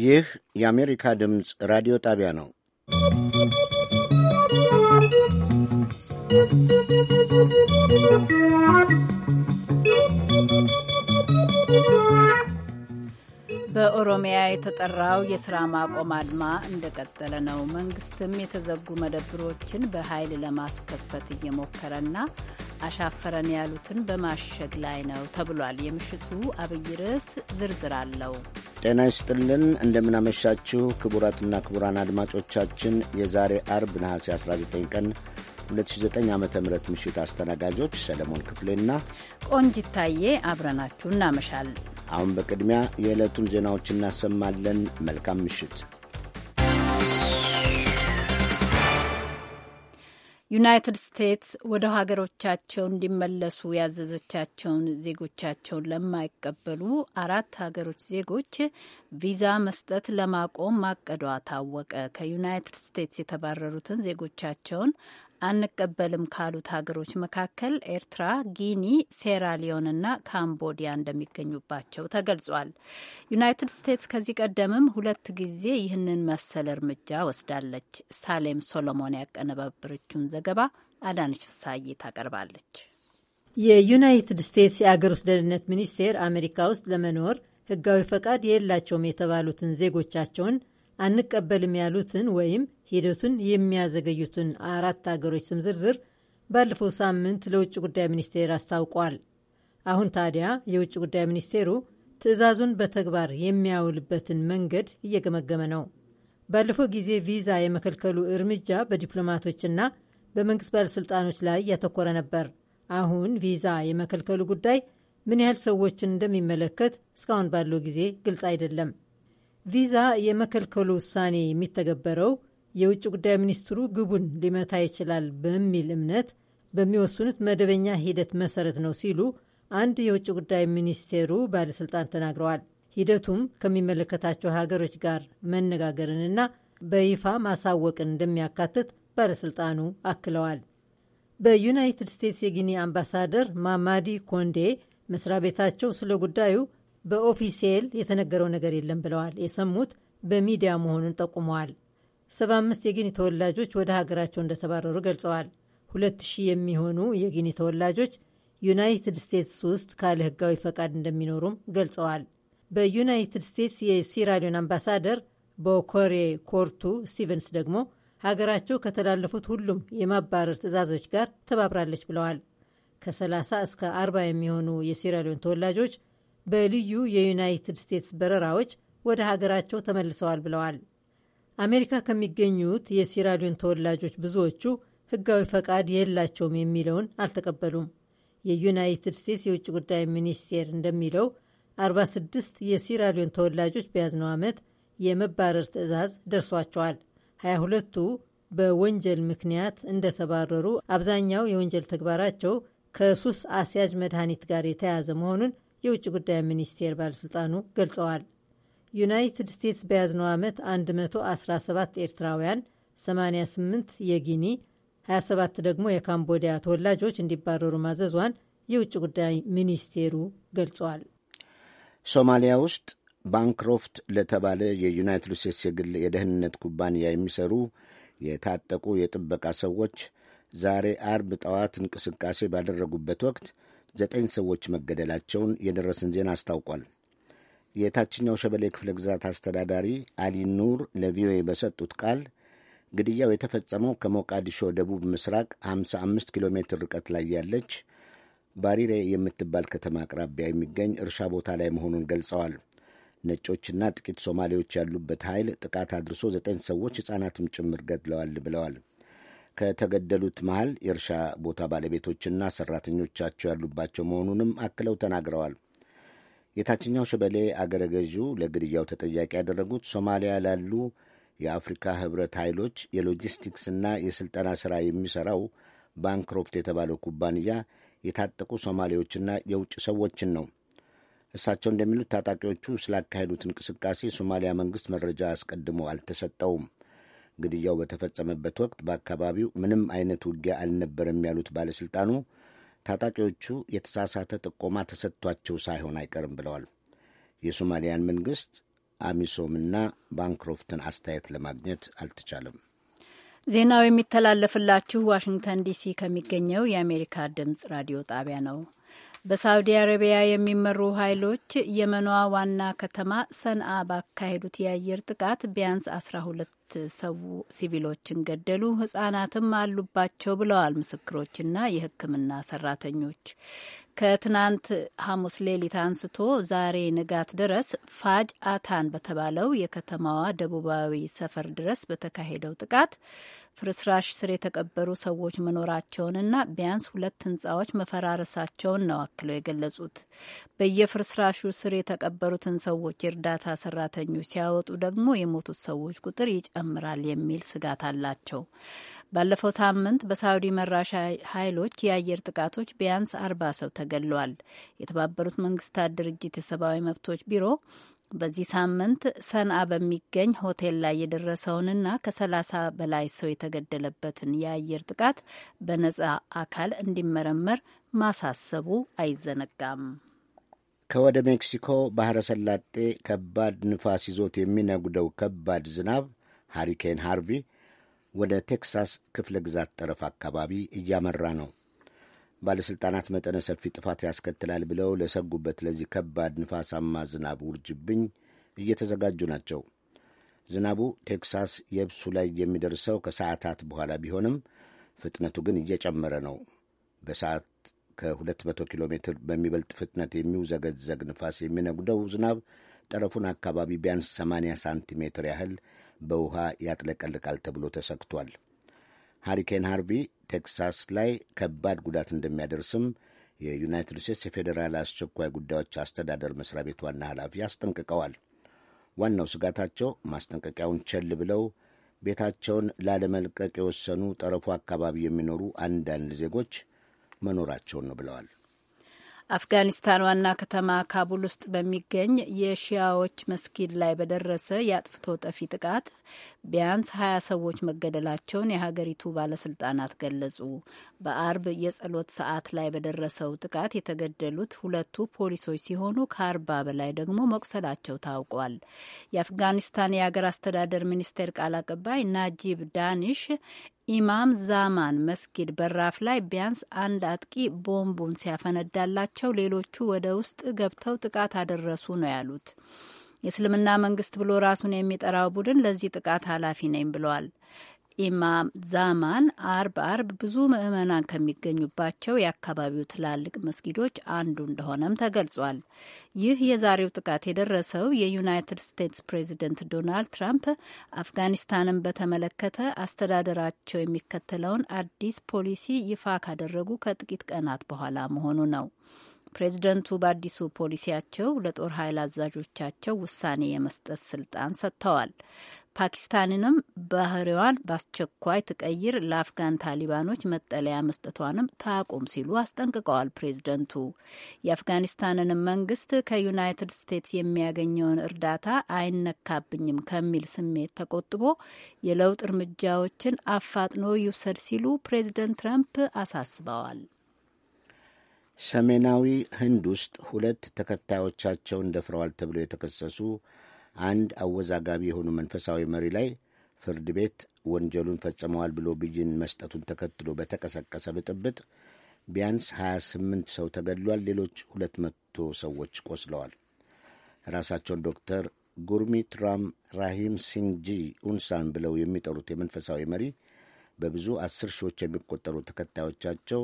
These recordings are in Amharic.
ይህ የአሜሪካ ድምፅ ራዲዮ ጣቢያ ነው። በኦሮሚያ የተጠራው የስራ ማቆም አድማ እንደቀጠለ ነው። መንግስትም የተዘጉ መደብሮችን በኃይል ለማስከፈት እየሞከረና አሻፈረን ያሉትን በማሸግ ላይ ነው ተብሏል። የምሽቱ አብይ ርዕስ ዝርዝር አለው። ጤና ይስጥልን፣ እንደምናመሻችሁ ክቡራትና ክቡራን አድማጮቻችን የዛሬ አርብ ነሐሴ 19 ቀን 2009 ዓ ም ምሽት አስተናጋጆች ሰለሞን ክፍሌና ቆንጅ ታዬ አብረናችሁ እናመሻል። አሁን በቅድሚያ የዕለቱን ዜናዎች እናሰማለን። መልካም ምሽት። ዩናይትድ ስቴትስ ወደ ሀገሮቻቸው እንዲመለሱ ያዘዘቻቸውን ዜጎቻቸውን ለማይቀበሉ አራት ሀገሮች ዜጎች ቪዛ መስጠት ለማቆም ማቀዷ ታወቀ። ከዩናይትድ ስቴትስ የተባረሩትን ዜጎቻቸውን አንቀበልም ካሉት ሀገሮች መካከል ኤርትራ፣ ጊኒ፣ ሴራሊዮንና ካምቦዲያ እንደሚገኙባቸው ተገልጿል። ዩናይትድ ስቴትስ ከዚህ ቀደምም ሁለት ጊዜ ይህንን መሰል እርምጃ ወስዳለች። ሳሌም ሶሎሞን ያቀነባበረችውን ዘገባ አዳነች ፍሳዬ ታቀርባለች። የዩናይትድ ስቴትስ የአገር ውስጥ ደህንነት ሚኒስቴር አሜሪካ ውስጥ ለመኖር ህጋዊ ፈቃድ የሌላቸውም የተባሉትን ዜጎቻቸውን አንቀበልም ያሉትን ወይም ሂደቱን የሚያዘገዩትን አራት አገሮች ስም ዝርዝር ባለፈው ሳምንት ለውጭ ጉዳይ ሚኒስቴር አስታውቋል። አሁን ታዲያ የውጭ ጉዳይ ሚኒስቴሩ ትዕዛዙን በተግባር የሚያውልበትን መንገድ እየገመገመ ነው። ባለፈው ጊዜ ቪዛ የመከልከሉ እርምጃ በዲፕሎማቶችና በመንግስት ባለሥልጣኖች ላይ ያተኮረ ነበር። አሁን ቪዛ የመከልከሉ ጉዳይ ምን ያህል ሰዎችን እንደሚመለከት እስካሁን ባለው ጊዜ ግልጽ አይደለም። ቪዛ የመከልከሉ ውሳኔ የሚተገበረው የውጭ ጉዳይ ሚኒስትሩ ግቡን ሊመታ ይችላል በሚል እምነት በሚወስኑት መደበኛ ሂደት መሰረት ነው ሲሉ አንድ የውጭ ጉዳይ ሚኒስቴሩ ባለሥልጣን ተናግረዋል። ሂደቱም ከሚመለከታቸው ሀገሮች ጋር መነጋገርንና በይፋ ማሳወቅን እንደሚያካትት ባለሥልጣኑ አክለዋል። በዩናይትድ ስቴትስ የጊኒ አምባሳደር ማማዲ ኮንዴ መስሪያ ቤታቸው ስለ ጉዳዩ በኦፊሴል የተነገረው ነገር የለም ብለዋል። የሰሙት በሚዲያ መሆኑን ጠቁመዋል። 75 የጊኒ ተወላጆች ወደ ሀገራቸው እንደተባረሩ ገልጸዋል። 2000 የሚሆኑ የጊኒ ተወላጆች ዩናይትድ ስቴትስ ውስጥ ካለ ህጋዊ ፈቃድ እንደሚኖሩም ገልጸዋል። በዩናይትድ ስቴትስ የሲራሊዮን አምባሳደር በኮሬ ኮርቱ ስቲቨንስ ደግሞ ሀገራቸው ከተላለፉት ሁሉም የማባረር ትዕዛዞች ጋር ተባብራለች ብለዋል። ከ30 እስከ 40 የሚሆኑ የሲራሊዮን ተወላጆች በልዩ የዩናይትድ ስቴትስ በረራዎች ወደ ሀገራቸው ተመልሰዋል ብለዋል። አሜሪካ ከሚገኙት የሲራሊዮን ተወላጆች ብዙዎቹ ሕጋዊ ፈቃድ የላቸውም የሚለውን አልተቀበሉም። የዩናይትድ ስቴትስ የውጭ ጉዳይ ሚኒስቴር እንደሚለው 46 የሲራሊዮን ተወላጆች በያዝነው ዓመት የመባረር ትዕዛዝ ደርሷቸዋል። 22ቱ በወንጀል ምክንያት እንደተባረሩ፣ አብዛኛው የወንጀል ተግባራቸው ከሱስ አስያዥ መድኃኒት ጋር የተያያዘ መሆኑን የውጭ ጉዳይ ሚኒስቴር ባለሥልጣኑ ገልጸዋል። ዩናይትድ ስቴትስ በያዝነው ዓመት 117 ኤርትራውያን፣ 88 የጊኒ፣ 27 ደግሞ የካምቦዲያ ተወላጆች እንዲባረሩ ማዘዟን የውጭ ጉዳይ ሚኒስቴሩ ገልጿል። ሶማሊያ ውስጥ ባንክሮፍት ለተባለ የዩናይትድ ስቴትስ የግል የደህንነት ኩባንያ የሚሰሩ የታጠቁ የጥበቃ ሰዎች ዛሬ አርብ ጠዋት እንቅስቃሴ ባደረጉበት ወቅት ዘጠኝ ሰዎች መገደላቸውን የደረሰን ዜና አስታውቋል። የታችኛው ሸበሌ ክፍለ ግዛት አስተዳዳሪ አሊ ኑር ለቪኦኤ በሰጡት ቃል ግድያው የተፈጸመው ከሞቃዲሾ ደቡብ ምስራቅ 55 ኪሎ ሜትር ርቀት ላይ ያለች ባሪሬ የምትባል ከተማ አቅራቢያ የሚገኝ እርሻ ቦታ ላይ መሆኑን ገልጸዋል። ነጮችና ጥቂት ሶማሌዎች ያሉበት ኃይል ጥቃት አድርሶ ዘጠኝ ሰዎች ሕፃናትም ጭምር ገድለዋል ብለዋል። ከተገደሉት መሃል የእርሻ ቦታ ባለቤቶችና ሰራተኞቻቸው ያሉባቸው መሆኑንም አክለው ተናግረዋል። የታችኛው ሸበሌ አገረ ገዢው ለግድያው ተጠያቂ ያደረጉት ሶማሊያ ላሉ የአፍሪካ ህብረት ኃይሎች የሎጂስቲክስና የሥልጠና ሥራ የሚሠራው ባንክሮፍት የተባለው ኩባንያ የታጠቁ ሶማሌዎችና የውጭ ሰዎችን ነው። እሳቸው እንደሚሉት ታጣቂዎቹ ስላካሄዱት እንቅስቃሴ ሶማሊያ መንግሥት መረጃ አስቀድሞ አልተሰጠውም። ግድያው በተፈጸመበት ወቅት በአካባቢው ምንም አይነት ውጊያ አልነበረም ያሉት ባለሥልጣኑ ታጣቂዎቹ የተሳሳተ ጥቆማ ተሰጥቷቸው ሳይሆን አይቀርም ብለዋል። የሶማሊያን መንግሥት አሚሶምና ባንክሮፍትን አስተያየት ለማግኘት አልተቻለም። ዜናው የሚተላለፍላችሁ ዋሽንግተን ዲሲ ከሚገኘው የአሜሪካ ድምፅ ራዲዮ ጣቢያ ነው። በሳውዲ አረቢያ የሚመሩ ኃይሎች የመኗ ዋና ከተማ ሰንአ ባካሄዱት የአየር ጥቃት ቢያንስ አስራ ሁለት ሰው ሲቪሎችን ገደሉ፣ ህጻናትም አሉባቸው ብለዋል ምስክሮችና የህክምና ሰራተኞች። ከትናንት ሐሙስ ሌሊት አንስቶ ዛሬ ንጋት ድረስ ፋጅ አታን በተባለው የከተማዋ ደቡባዊ ሰፈር ድረስ በተካሄደው ጥቃት ፍርስራሽ ስር የተቀበሩ ሰዎች መኖራቸውንና ቢያንስ ሁለት ህንፃዎች መፈራረሳቸውን ነው አክለው የገለጹት። በየፍርስራሹ ስር የተቀበሩትን ሰዎች የእርዳታ ሰራተኞች ሲያወጡ ደግሞ የሞቱት ሰዎች ቁጥር ይጨምራል የሚል ስጋት አላቸው። ባለፈው ሳምንት በሳዑዲ መራሽ ኃይሎች የአየር ጥቃቶች ቢያንስ አርባ ሰው ተገድሏል። የተባበሩት መንግስታት ድርጅት የሰብአዊ መብቶች ቢሮ በዚህ ሳምንት ሰንአ በሚገኝ ሆቴል ላይ የደረሰውንና ከሰላሳ በላይ ሰው የተገደለበትን የአየር ጥቃት በነጻ አካል እንዲመረመር ማሳሰቡ አይዘነጋም። ከወደ ሜክሲኮ ባሕረ ሰላጤ ከባድ ንፋስ ይዞት የሚነጉደው ከባድ ዝናብ ሃሪኬን ሃርቪ ወደ ቴክሳስ ክፍለ ግዛት ጠረፍ አካባቢ እያመራ ነው። ባለሥልጣናት መጠነ ሰፊ ጥፋት ያስከትላል ብለው ለሰጉበት ለዚህ ከባድ ንፋሳማ ዝናብ ውርጅብኝ እየተዘጋጁ ናቸው። ዝናቡ ቴክሳስ የብሱ ላይ የሚደርሰው ከሰዓታት በኋላ ቢሆንም ፍጥነቱ ግን እየጨመረ ነው። በሰዓት ከ200 ኪሎ ሜትር በሚበልጥ ፍጥነት የሚውዘገዘግ ንፋስ የሚነጉደው ዝናብ ጠረፉን አካባቢ ቢያንስ 80 ሳንቲሜትር ያህል በውሃ ያጥለቀልቃል ተብሎ ተሰግቷል። ሃሪኬን ሃርቪ ቴክሳስ ላይ ከባድ ጉዳት እንደሚያደርስም የዩናይትድ ስቴትስ የፌዴራል አስቸኳይ ጉዳዮች አስተዳደር መስሪያ ቤት ዋና ኃላፊ አስጠንቅቀዋል። ዋናው ስጋታቸው ማስጠንቀቂያውን ቸል ብለው ቤታቸውን ላለመልቀቅ የወሰኑ ጠረፉ አካባቢ የሚኖሩ አንዳንድ ዜጎች መኖራቸውን ነው ብለዋል። አፍጋኒስታን ዋና ከተማ ካቡል ውስጥ በሚገኝ የሺያዎች መስጊድ ላይ በደረሰ የአጥፍቶ ጠፊ ጥቃት ቢያንስ ሀያ ሰዎች መገደላቸውን የሀገሪቱ ባለስልጣናት ገለጹ። በአርብ የጸሎት ሰዓት ላይ በደረሰው ጥቃት የተገደሉት ሁለቱ ፖሊሶች ሲሆኑ ከአርባ በላይ ደግሞ መቁሰላቸው ታውቋል። የአፍጋኒስታን የሀገር አስተዳደር ሚኒስቴር ቃል አቀባይ ናጂብ ዳኒሽ ኢማም ዛማን መስጊድ በራፍ ላይ ቢያንስ አንድ አጥቂ ቦምቡን ሲያፈነዳላቸው ሌሎቹ ወደ ውስጥ ገብተው ጥቃት አደረሱ ነው ያሉት። የእስልምና መንግስት ብሎ ራሱን የሚጠራው ቡድን ለዚህ ጥቃት ኃላፊ ነኝ ብለዋል። ኢማም ዛማን አርብ አርብ ብዙ ምዕመናን ከሚገኙባቸው የአካባቢው ትላልቅ መስጊዶች አንዱ እንደሆነም ተገልጿል። ይህ የዛሬው ጥቃት የደረሰው የዩናይትድ ስቴትስ ፕሬዚደንት ዶናልድ ትራምፕ አፍጋኒስታንን በተመለከተ አስተዳደራቸው የሚከተለውን አዲስ ፖሊሲ ይፋ ካደረጉ ከጥቂት ቀናት በኋላ መሆኑ ነው። ፕሬዚደንቱ በአዲሱ ፖሊሲያቸው ለጦር ኃይል አዛዦቻቸው ውሳኔ የመስጠት ስልጣን ሰጥተዋል። ፓኪስታንንም ባህሪዋን በአስቸኳይ ትቀይር፣ ለአፍጋን ታሊባኖች መጠለያ መስጠቷንም ታቁም ሲሉ አስጠንቅቀዋል። ፕሬዝደንቱ የአፍጋኒስታንንም መንግስት ከዩናይትድ ስቴትስ የሚያገኘውን እርዳታ አይነካብኝም ከሚል ስሜት ተቆጥቦ የለውጥ እርምጃዎችን አፋጥኖ ይውሰድ ሲሉ ፕሬዝደንት ትራምፕ አሳስበዋል። ሰሜናዊ ህንድ ውስጥ ሁለት ተከታዮቻቸውን ደፍረዋል ተብለው የተከሰሱ አንድ አወዛጋቢ የሆኑ መንፈሳዊ መሪ ላይ ፍርድ ቤት ወንጀሉን ፈጽመዋል ብሎ ብይን መስጠቱን ተከትሎ በተቀሰቀሰ ብጥብጥ ቢያንስ 28 ሰው ተገድሏል፣ ሌሎች 200 ሰዎች ቆስለዋል። ራሳቸውን ዶክተር ጉርሚት ራም ራሂም ሲንጂ ኡንሳን ብለው የሚጠሩት የመንፈሳዊ መሪ በብዙ አስር ሺዎች የሚቆጠሩ ተከታዮቻቸው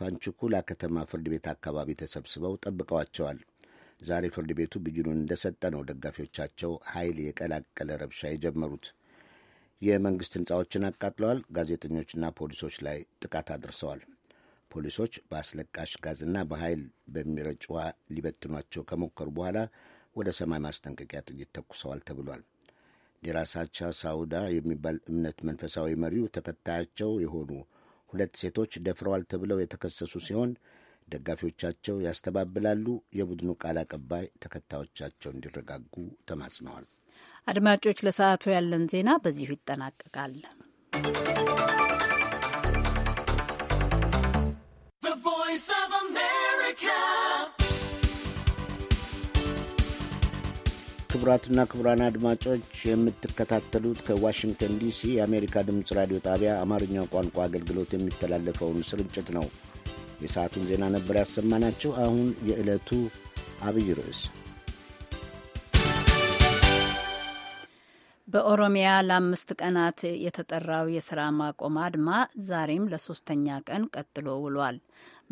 ፓንቹኩላ ከተማ ፍርድ ቤት አካባቢ ተሰብስበው ጠብቀዋቸዋል። ዛሬ ፍርድ ቤቱ ብይኑን እንደሰጠ ነው ደጋፊዎቻቸው ኃይል የቀላቀለ ረብሻ የጀመሩት። የመንግስት ሕንፃዎችን አቃጥለዋል። ጋዜጠኞችና ፖሊሶች ላይ ጥቃት አድርሰዋል። ፖሊሶች በአስለቃሽ ጋዝና በኃይል በሚረጭ ውሃ ሊበትኗቸው ከሞከሩ በኋላ ወደ ሰማይ ማስጠንቀቂያ ጥይት ተኩሰዋል ተብሏል። ዴራሳቻ ሳውዳ የሚባል እምነት መንፈሳዊ መሪው ተከታያቸው የሆኑ ሁለት ሴቶች ደፍረዋል ተብለው የተከሰሱ ሲሆን ደጋፊዎቻቸው ያስተባብላሉ። የቡድኑ ቃል አቀባይ ተከታዮቻቸው እንዲረጋጉ ተማጽነዋል። አድማጮች፣ ለሰዓቱ ያለን ዜና በዚሁ ይጠናቀቃል። ክቡራትና ክቡራን አድማጮች የምትከታተሉት ከዋሽንግተን ዲሲ የአሜሪካ ድምፅ ራዲዮ ጣቢያ አማርኛው ቋንቋ አገልግሎት የሚተላለፈውን ስርጭት ነው። የሰዓቱን ዜና ነበር ያሰማናቸው። አሁን የዕለቱ አብይ ርዕስ በኦሮሚያ ለአምስት ቀናት የተጠራው የስራ ማቆም አድማ ዛሬም ለሶስተኛ ቀን ቀጥሎ ውሏል።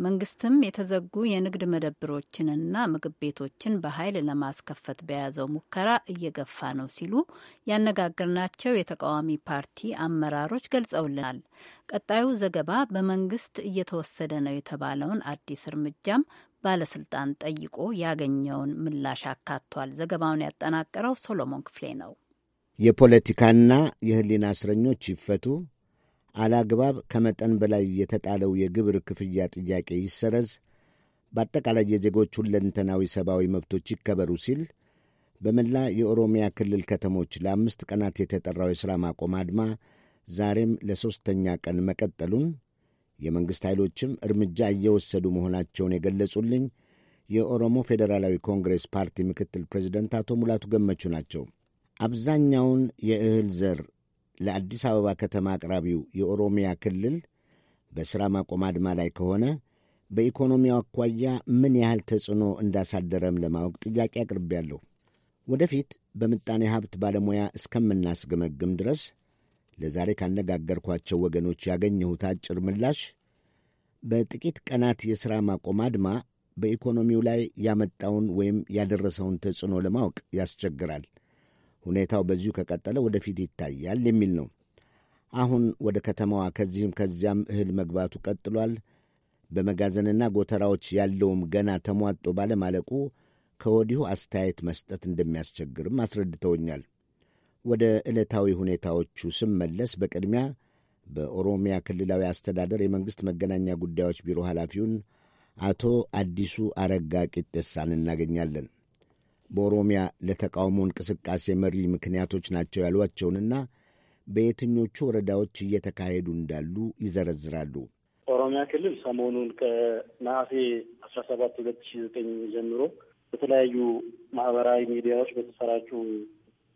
መንግስትም የተዘጉ የንግድ መደብሮችንና ምግብ ቤቶችን በኃይል ለማስከፈት በያዘው ሙከራ እየገፋ ነው ሲሉ ያነጋገርናቸው የተቃዋሚ ፓርቲ አመራሮች ገልጸውልናል። ቀጣዩ ዘገባ በመንግስት እየተወሰደ ነው የተባለውን አዲስ እርምጃም ባለስልጣን ጠይቆ ያገኘውን ምላሽ አካቷል። ዘገባውን ያጠናቀረው ሶሎሞን ክፍሌ ነው። የፖለቲካና የህሊና እስረኞች ይፈቱ አላግባብ ከመጠን በላይ የተጣለው የግብር ክፍያ ጥያቄ ይሰረዝ፣ በአጠቃላይ የዜጎች ሁለንተናዊ ሰብአዊ መብቶች ይከበሩ ሲል በመላ የኦሮሚያ ክልል ከተሞች ለአምስት ቀናት የተጠራው የሥራ ማቆም አድማ ዛሬም ለሦስተኛ ቀን መቀጠሉን የመንግሥት ኃይሎችም እርምጃ እየወሰዱ መሆናቸውን የገለጹልኝ የኦሮሞ ፌዴራላዊ ኮንግሬስ ፓርቲ ምክትል ፕሬዚደንት አቶ ሙላቱ ገመቹ ናቸው። አብዛኛውን የእህል ዘር ለአዲስ አበባ ከተማ አቅራቢው የኦሮሚያ ክልል በሥራ ማቆም አድማ ላይ ከሆነ በኢኮኖሚው አኳያ ምን ያህል ተጽዕኖ እንዳሳደረም ለማወቅ ጥያቄ አቅርቤያለሁ። ወደፊት በምጣኔ ሀብት ባለሙያ እስከምናስገመግም ድረስ ለዛሬ ካነጋገርኳቸው ወገኖች ያገኘሁት አጭር ምላሽ በጥቂት ቀናት የሥራ ማቆም አድማ በኢኮኖሚው ላይ ያመጣውን ወይም ያደረሰውን ተጽዕኖ ለማወቅ ያስቸግራል። ሁኔታው በዚሁ ከቀጠለ ወደፊት ይታያል የሚል ነው። አሁን ወደ ከተማዋ ከዚህም ከዚያም እህል መግባቱ ቀጥሏል። በመጋዘንና ጎተራዎች ያለውም ገና ተሟጦ ባለማለቁ ከወዲሁ አስተያየት መስጠት እንደሚያስቸግርም አስረድተውኛል። ወደ ዕለታዊ ሁኔታዎቹ ስመለስ በቅድሚያ በኦሮሚያ ክልላዊ አስተዳደር የመንግሥት መገናኛ ጉዳዮች ቢሮ ኃላፊውን አቶ አዲሱ አረጋ ቂጤሳን እናገኛለን። በኦሮሚያ ለተቃውሞ እንቅስቃሴ መሪ ምክንያቶች ናቸው ያሏቸውንና በየትኞቹ ወረዳዎች እየተካሄዱ እንዳሉ ይዘረዝራሉ። ኦሮሚያ ክልል ሰሞኑን ከነሐሴ አስራ ሰባት ሁለት ሺ ዘጠኝ ጀምሮ በተለያዩ ማህበራዊ ሚዲያዎች በተሰራጩ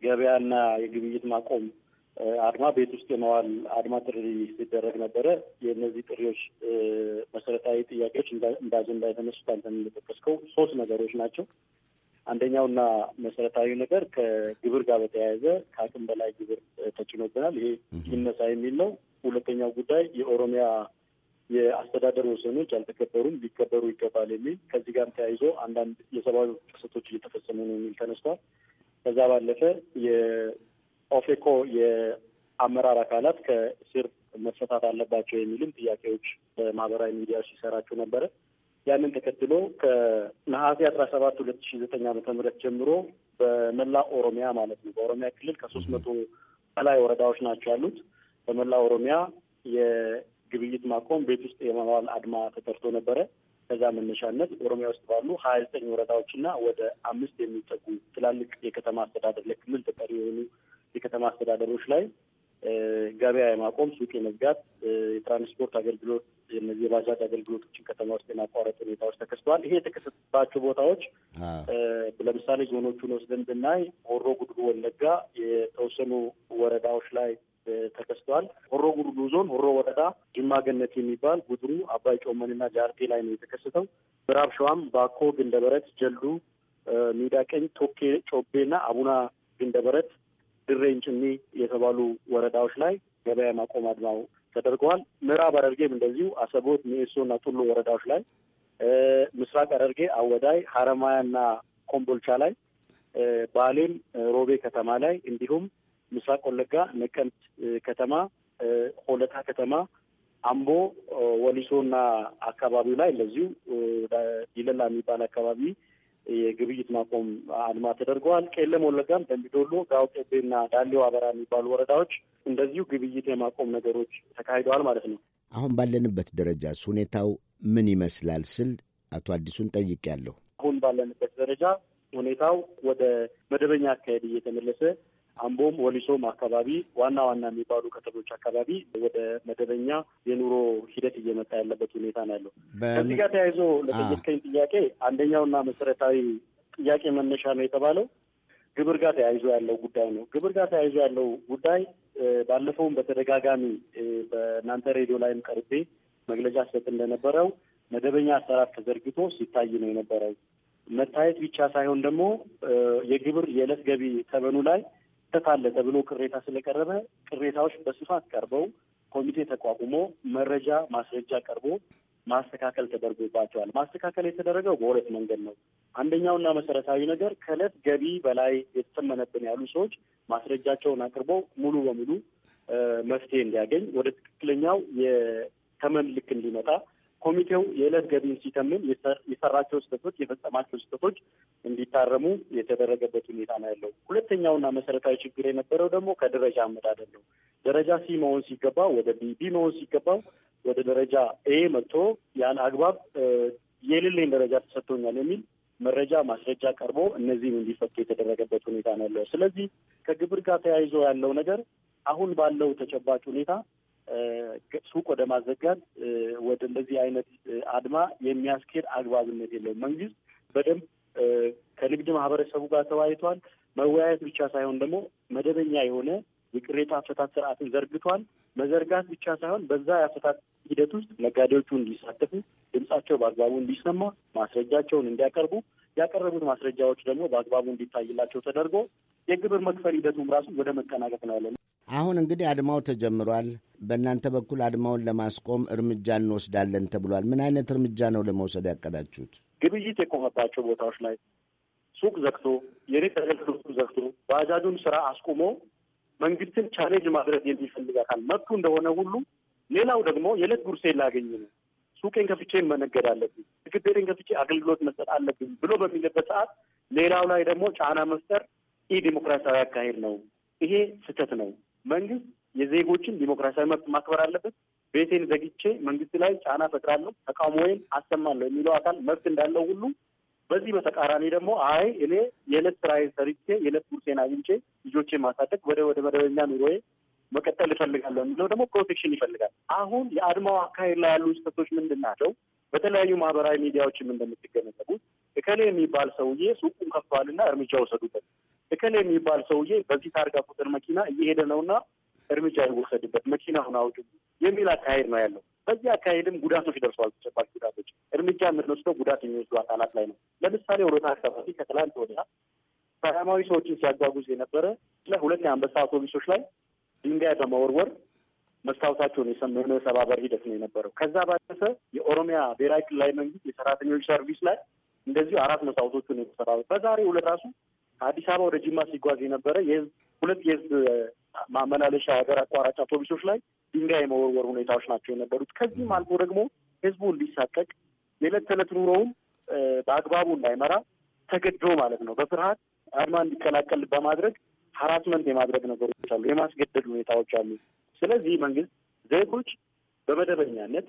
ገበያና የግብይት ማቆም አድማ ቤት ውስጥ የመዋል አድማ ጥሪ ሲደረግ ነበረ። የእነዚህ ጥሪዎች መሰረታዊ ጥያቄዎች እንደ አጀንዳ የተነሱት አንተ የጠቀስከው ሶስት ነገሮች ናቸው። አንደኛውና መሰረታዊ ነገር ከግብር ጋር በተያያዘ ከአቅም በላይ ግብር ተጭኖብናል። ይሄ ይነሳ የሚል ነው። ሁለተኛው ጉዳይ የኦሮሚያ የአስተዳደር ወሰኖች አልተከበሩም፣ ሊከበሩ ይገባል የሚል ከዚህ ጋር ተያይዞ አንዳንድ የሰብአዊ ጥሰቶች እየተፈጸሙ ነው የሚል ተነስቷል። ከዛ ባለፈ የኦፌኮ የአመራር አካላት ከእስር መፈታት አለባቸው የሚልም ጥያቄዎች በማህበራዊ ሚዲያ ሲሰራቸው ነበረ። ያንን ተከትሎ ከነሐሴ አስራ ሰባት ሁለት ሺ ዘጠኝ ዓመተ ምህረት ጀምሮ በመላ ኦሮሚያ ማለት ነው በኦሮሚያ ክልል ከሶስት መቶ በላይ ወረዳዎች ናቸው ያሉት። በመላ ኦሮሚያ የግብይት ማቆም ቤት ውስጥ የመዋል አድማ ተጠርቶ ነበረ። ከዛ መነሻነት ኦሮሚያ ውስጥ ባሉ ሀያ ዘጠኝ ወረዳዎችና ወደ አምስት የሚጠጉ ትላልቅ የከተማ አስተዳደር ለክልል ተጠሪ የሆኑ የከተማ አስተዳደሮች ላይ ገበያ የማቆም ሱቅ የመዝጋት የትራንስፖርት አገልግሎት እነዚህ የባጃጅ አገልግሎቶችን ከተማ ውስጥ የማቋረጥ ሁኔታዎች ተከስተዋል። ይሄ የተከሰተባቸው ቦታዎች ለምሳሌ ዞኖቹን ወስደን ብናይ ሆሮ ጉድሩ ወለጋ የተወሰኑ ወረዳዎች ላይ ተከስተዋል። ሆሮ ጉድሩ ዞን ሆሮ ወረዳ ጅማ ገነት የሚባል ጉድሩ፣ አባይ ጮመንና ጃርቴ ላይ ነው የተከሰተው። ምዕራብ ሸዋም ባኮ፣ ግንደበረት፣ ጀሉ፣ ሚዳቀኝ፣ ቀኝ፣ ቶኬ፣ ጮቤና አቡና ግንደበረት ድሬንችኒ የተባሉ ወረዳዎች ላይ ገበያ ማቆም አድማው ተደርገዋል። ምዕራብ ሐረርጌም እንደዚሁ አሰቦት፣ ሚኤሶ እና ጡሎ ወረዳዎች ላይ፣ ምስራቅ ሐረርጌ አወዳይ፣ ሀረማያ እና ኮምቦልቻ ላይ፣ ባሌም ሮቤ ከተማ ላይ እንዲሁም ምስራቅ ወለጋ ነቀምት ከተማ፣ ሆለታ ከተማ፣ አምቦ ወሊሶ እና አካባቢው ላይ እንደዚሁ ይለላ የሚባል አካባቢ የግብይት ማቆም አድማ ተደርገዋል። ቄለም ወለጋም፣ ደምቢዶሎ፣ ጋውጤቤና ዳሌው አበራ የሚባሉ ወረዳዎች እንደዚሁ ግብይት የማቆም ነገሮች ተካሂደዋል ማለት ነው። አሁን ባለንበት ደረጃስ ሁኔታው ምን ይመስላል ስል አቶ አዲሱን ጠይቄያለሁ። አሁን ባለንበት ደረጃ ሁኔታው ወደ መደበኛ አካሄድ እየተመለሰ አምቦም፣ ወሊሶም አካባቢ ዋና ዋና የሚባሉ ከተሞች አካባቢ ወደ መደበኛ የኑሮ ሂደት እየመጣ ያለበት ሁኔታ ነው ያለው። ከዚህ ጋር ተያይዞ ለጠየቀኝ ጥያቄ አንደኛውና መሰረታዊ ጥያቄ መነሻ ነው የተባለው ግብር ጋር ተያይዞ ያለው ጉዳይ ነው። ግብር ጋር ተያይዞ ያለው ጉዳይ ባለፈውም በተደጋጋሚ በእናንተ ሬዲዮ ላይም ቀርቤ መግለጫ ሰጥ እንደነበረው መደበኛ አሰራር ተዘርግቶ ሲታይ ነው የነበረው። መታየት ብቻ ሳይሆን ደግሞ የግብር የዕለት ገቢ ተመኑ ላይ ክፍተት አለ ተብሎ ቅሬታ ስለቀረበ ቅሬታዎች በስፋት ቀርበው ኮሚቴ ተቋቁሞ መረጃ ማስረጃ ቀርቦ ማስተካከል ተደርጎባቸዋል። ማስተካከል የተደረገው በሁለት መንገድ ነው። አንደኛውና መሰረታዊ ነገር ከእለት ገቢ በላይ የተተመነብን ያሉ ሰዎች ማስረጃቸውን አቅርበው ሙሉ በሙሉ መፍትሄ እንዲያገኝ ወደ ትክክለኛው የተመን ልክ እንዲመጣ ኮሚቴው የዕለት ገቢን ሲተምን የሰራቸው ስህተቶች፣ የፈጸማቸው ስህተቶች እንዲታረሙ የተደረገበት ሁኔታ ነው ያለው። ሁለተኛውና መሰረታዊ ችግር የነበረው ደግሞ ከደረጃ አመዳደር ነው። ደረጃ ሲ መሆን ሲገባው ወደ ቢ፣ ቢ መሆን ሲገባው ወደ ደረጃ ኤ መጥቶ ያን አግባብ የሌለኝ ደረጃ ተሰጥቶኛል የሚል መረጃ ማስረጃ ቀርቦ እነዚህም እንዲፈቱ የተደረገበት ሁኔታ ነው ያለው። ስለዚህ ከግብር ጋር ተያይዞ ያለው ነገር አሁን ባለው ተጨባጭ ሁኔታ ሱቅ ወደ ማዘጋት ወደ እንደዚህ አይነት አድማ የሚያስኬድ አግባብነት የለውም። መንግስት በደንብ ከንግድ ማህበረሰቡ ጋር ተወያይቷል። መወያየት ብቻ ሳይሆን ደግሞ መደበኛ የሆነ የቅሬታ አፈታት ስርዓትን ዘርግቷል። መዘርጋት ብቻ ሳይሆን በዛ የአፈታት ሂደት ውስጥ ነጋዴዎቹ እንዲሳተፉ፣ ድምጻቸው በአግባቡ እንዲሰማ፣ ማስረጃቸውን እንዲያቀርቡ፣ ያቀረቡት ማስረጃዎች ደግሞ በአግባቡ እንዲታይላቸው ተደርጎ የግብር መክፈል ሂደቱም ራሱ ወደ መቀናቀፍ ነው ያለ አሁን እንግዲህ አድማው ተጀምሯል። በእናንተ በኩል አድማውን ለማስቆም እርምጃ እንወስዳለን ተብሏል። ምን አይነት እርምጃ ነው ለመውሰድ ያቀዳችሁት? ግብይት የቆመባቸው ቦታዎች ላይ ሱቅ ዘግቶ የሬት አገልግሎቱ ዘግቶ ባጃጁን ስራ አስቁሞ መንግስትን ቻሌንጅ ማድረግ የሚፈልግ አካል መብቱ እንደሆነ ሁሉ ሌላው ደግሞ የዕለት ጉርሴን ላገኝ ነው ሱቄን ከፍቼ መነገድ አለብኝ፣ ምግብ ቤቴን ከፍቼ አገልግሎት መስጠት አለብኝ ብሎ በሚልበት ሰዓት ሌላው ላይ ደግሞ ጫና መፍጠር ኢ ዲሞክራሲያዊ አካሄድ ነው። ይሄ ስህተት ነው። መንግስት የዜጎችን ዲሞክራሲያዊ መብት ማክበር አለበት። ቤቴን ዘግቼ መንግስት ላይ ጫና ፈጥራለሁ፣ ተቃውሞዬን አሰማለሁ የሚለው አካል መብት እንዳለው ሁሉ በዚህ በተቃራኒ ደግሞ አይ እኔ የዕለት ስራዬን ሰርቼ የዕለት ጉርሴን አግኝቼ ልጆቼ ማሳደግ ወደ ወደ መደበኛ ኑሮዬ መቀጠል እፈልጋለሁ የሚለው ደግሞ ፕሮቴክሽን ይፈልጋል። አሁን የአድማው አካሄድ ላይ ያሉ ስህተቶች ምንድን ናቸው? በተለያዩ ማህበራዊ ሚዲያዎችም እንደምትገነዘቡት እከሌ የሚባል ሰውዬ ሱቁን ከፍተዋልና እርምጃ ወሰዱበት፣ እከሌ የሚባል ሰውዬ በዚህ ታርጋ ቁጥር መኪና እየሄደ ነውና እርምጃ ይወሰድበት፣ መኪናውን አውጡ የሚል አካሄድ ነው ያለው። በዚህ አካሄድም ጉዳቶች ደርሰዋል። ተጨባጭ ጉዳቶች እርምጃ የምንወስደው ጉዳት የሚወስዱ አካላት ላይ ነው። ለምሳሌ ወረታ አካባቢ ከትላንት ወዲያ ሰላማዊ ሰዎችን ሲያጓጉዝ የነበረ ሁለት የአንበሳ አውቶቡሶች ላይ ድንጋይ በመወርወር መስታወታቸውን የሰመነ ሰባበር ሂደት ነው የነበረው። ከዛ ባለፈ የኦሮሚያ ብሔራዊ ክልላዊ መንግስት የሰራተኞች ሰርቪስ ላይ እንደዚሁ አራት መስታወቶቹን የተሰራ በዛሬ ሁለት ራሱ አዲስ አበባ ወደ ጅማ ሲጓዝ የነበረ የህዝብ ሁለት የህዝብ ማመላለሻ ሀገር አቋራጭ አውቶቡሶች ላይ ድንጋይ የመወርወር ሁኔታዎች ናቸው የነበሩት። ከዚህም አልፎ ደግሞ ህዝቡ እንዲሳቀቅ የዕለት ተዕለት ኑሮውም በአግባቡ እንዳይመራ ተገዶ ማለት ነው በፍርሃት አድማ እንዲቀላቀል በማድረግ ሀራስመንት የማድረግ ነገሮች አሉ፣ የማስገደድ ሁኔታዎች አሉ። ስለዚህ መንግስት ዜጎች በመደበኛነት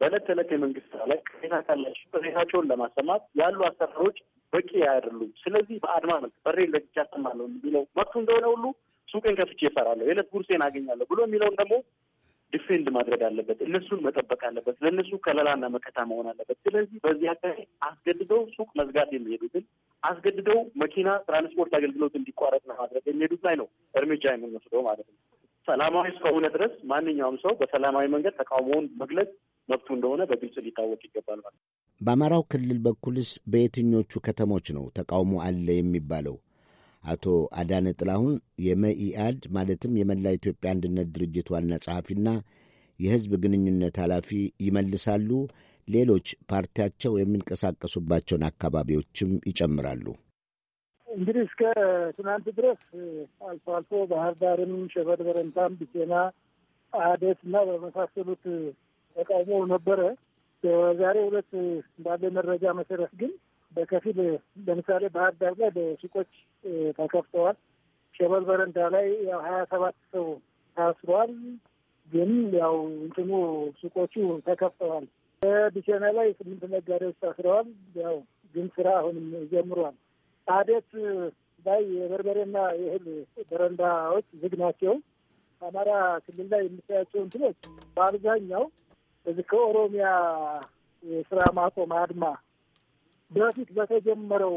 በዕለት ተዕለት የመንግስት ላይ ቅሬታ ካላቸው ቅሬታቸውን ለማሰማት ያሉ አሰራሮች በቂ አይደሉም። ስለዚህ በአድማ መልክ በሬን ለግቻ ሰማለሁ የሚለው መብቱ እንደሆነ ሁሉ ሱቅን ከፍቼ ይሰራለሁ፣ የዕለት ጉርሴን አገኛለሁ ብሎ የሚለውን ደግሞ ዲፌንድ ማድረግ አለበት። እነሱን መጠበቅ አለበት። ለእነሱ ከለላና መከታ መሆን አለበት። ስለዚህ በዚህ አካባቢ አስገድደው ሱቅ መዝጋት የሚሄዱትን አስገድደው መኪና ትራንስፖርት አገልግሎት እንዲቋረጥ ለማድረግ የሚሄዱት ላይ ነው እርምጃ የምንወስደው ማለት ነው። ሰላማዊ እስከሆነ ድረስ ማንኛውም ሰው በሰላማዊ መንገድ ተቃውሞውን መግለጽ መብቱ እንደሆነ በግልጽ ሊታወቅ ይገባል ማለት ነው። በአማራው ክልል በኩልስ በየትኞቹ ከተሞች ነው ተቃውሞ አለ የሚባለው? አቶ አዳነ ጥላሁን የመኢአድ ማለትም የመላ ኢትዮጵያ አንድነት ድርጅት ዋና ጸሐፊና የሕዝብ ግንኙነት ኃላፊ ይመልሳሉ። ሌሎች ፓርቲያቸው የሚንቀሳቀሱባቸውን አካባቢዎችም ይጨምራሉ። እንግዲህ እስከ ትናንት ድረስ አልፎ አልፎ ባህር ዳርም፣ ሸበል በረንታም፣ ብቴና፣ አደት እና በመሳሰሉት ተቃውሞ ነበረ። በዛሬ ሁለት ባለ መረጃ መሰረት ግን በከፊል ለምሳሌ ባህር ዳር ላይ በሱቆች ተከፍተዋል። ሸበል በረንዳ ላይ ያው ሀያ ሰባት ሰው ታስሯል። ግን ያው እንትኑ ሱቆቹ ተከፍተዋል። በቢቸና ላይ ስምንት ነጋዴዎች ታስረዋል። ያው ግን ስራ አሁንም ጀምሯል። አዴት ላይ የበርበሬና የእህል በረንዳዎች ዝግ ናቸው። አማራ ክልል ላይ የምታያቸው እንትኖች በአብዛኛው እዚህ ከኦሮሚያ የስራ ማቆም አድማ በፊት በተጀመረው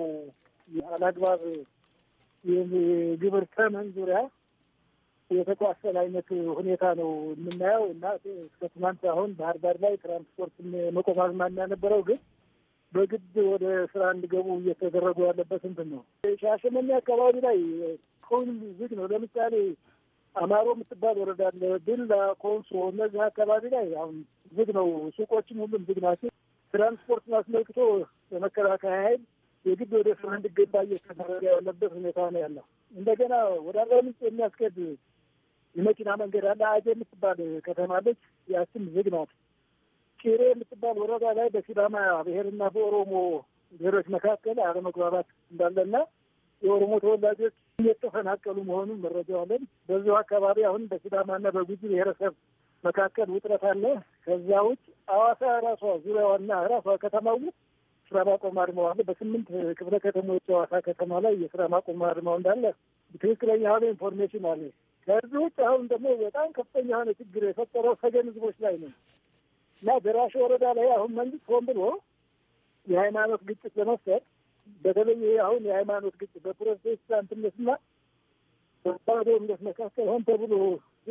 አላግባብ የግብር ተመን ዙሪያ የተቋሰለ አይነት ሁኔታ ነው የምናየው እና እስከ ትናንት አሁን ባህር ዳር ላይ ትራንስፖርት መቆም አድማ ያነበረው ግን በግድ ወደ ስራ እንዲገቡ እየተደረጉ ያለበት እንትን ነው። ሻሸመኔ አካባቢ ላይ ሁሉ ዝግ ነው። ለምሳሌ አማሮ የምትባል ወረዳ አለ፣ ድላ፣ ኮንሶ እነዚህ አካባቢ ላይ አሁን ዝግ ነው፣ ሱቆችም ሁሉም ዝግ ናቸው። ትራንስፖርትን አስመልክቶ በመከላከያ ኃይል የግድ ወደ ስራ እንድገባ እየተደረገ ያለበት ሁኔታ ነው ያለው። እንደገና ወደ አርባ ምንጭ የሚያስገድ የመኪና መንገድ አለ። አጀ የምትባል ከተማ ከተማለች፣ ያችም ዝግ ናት። ቂሬ የምትባል ወረዳ ላይ በሲዳማ ብሔርና በኦሮሞ ብሔሮች መካከል አለመግባባት እንዳለና የኦሮሞ ተወላጆች እየተፈናቀሉ መሆኑን መረጃዋለን። በዚሁ አካባቢ አሁን በሲዳማና በጉጂ ብሔረሰብ መካከል ውጥረት አለ። ከዛ ውጭ አዋሳ ራሷ ዙሪያዋና ራሷ ከተማው ስራ ማቆም አድማው አለ። በስምንት ክፍለ ከተሞች አዋሳ ከተማ ላይ የስራ ማቆም አድማው እንዳለ ትክክለኛ የሆነ ኢንፎርሜሽን አለ። ከዚህ ውጭ አሁን ደግሞ በጣም ከፍተኛ የሆነ ችግር የፈጠረው ሰገን ህዝቦች ላይ ነው እና ደራሽ ወረዳ ላይ አሁን መንግስት ሆን ብሎ የሃይማኖት ግጭት ለመፍጠር በተለይ ይሄ አሁን የሃይማኖት ግጭት በፕሮቴስታንትነትና በተዋህዶ እምነት መካከል ሆን ተብሎ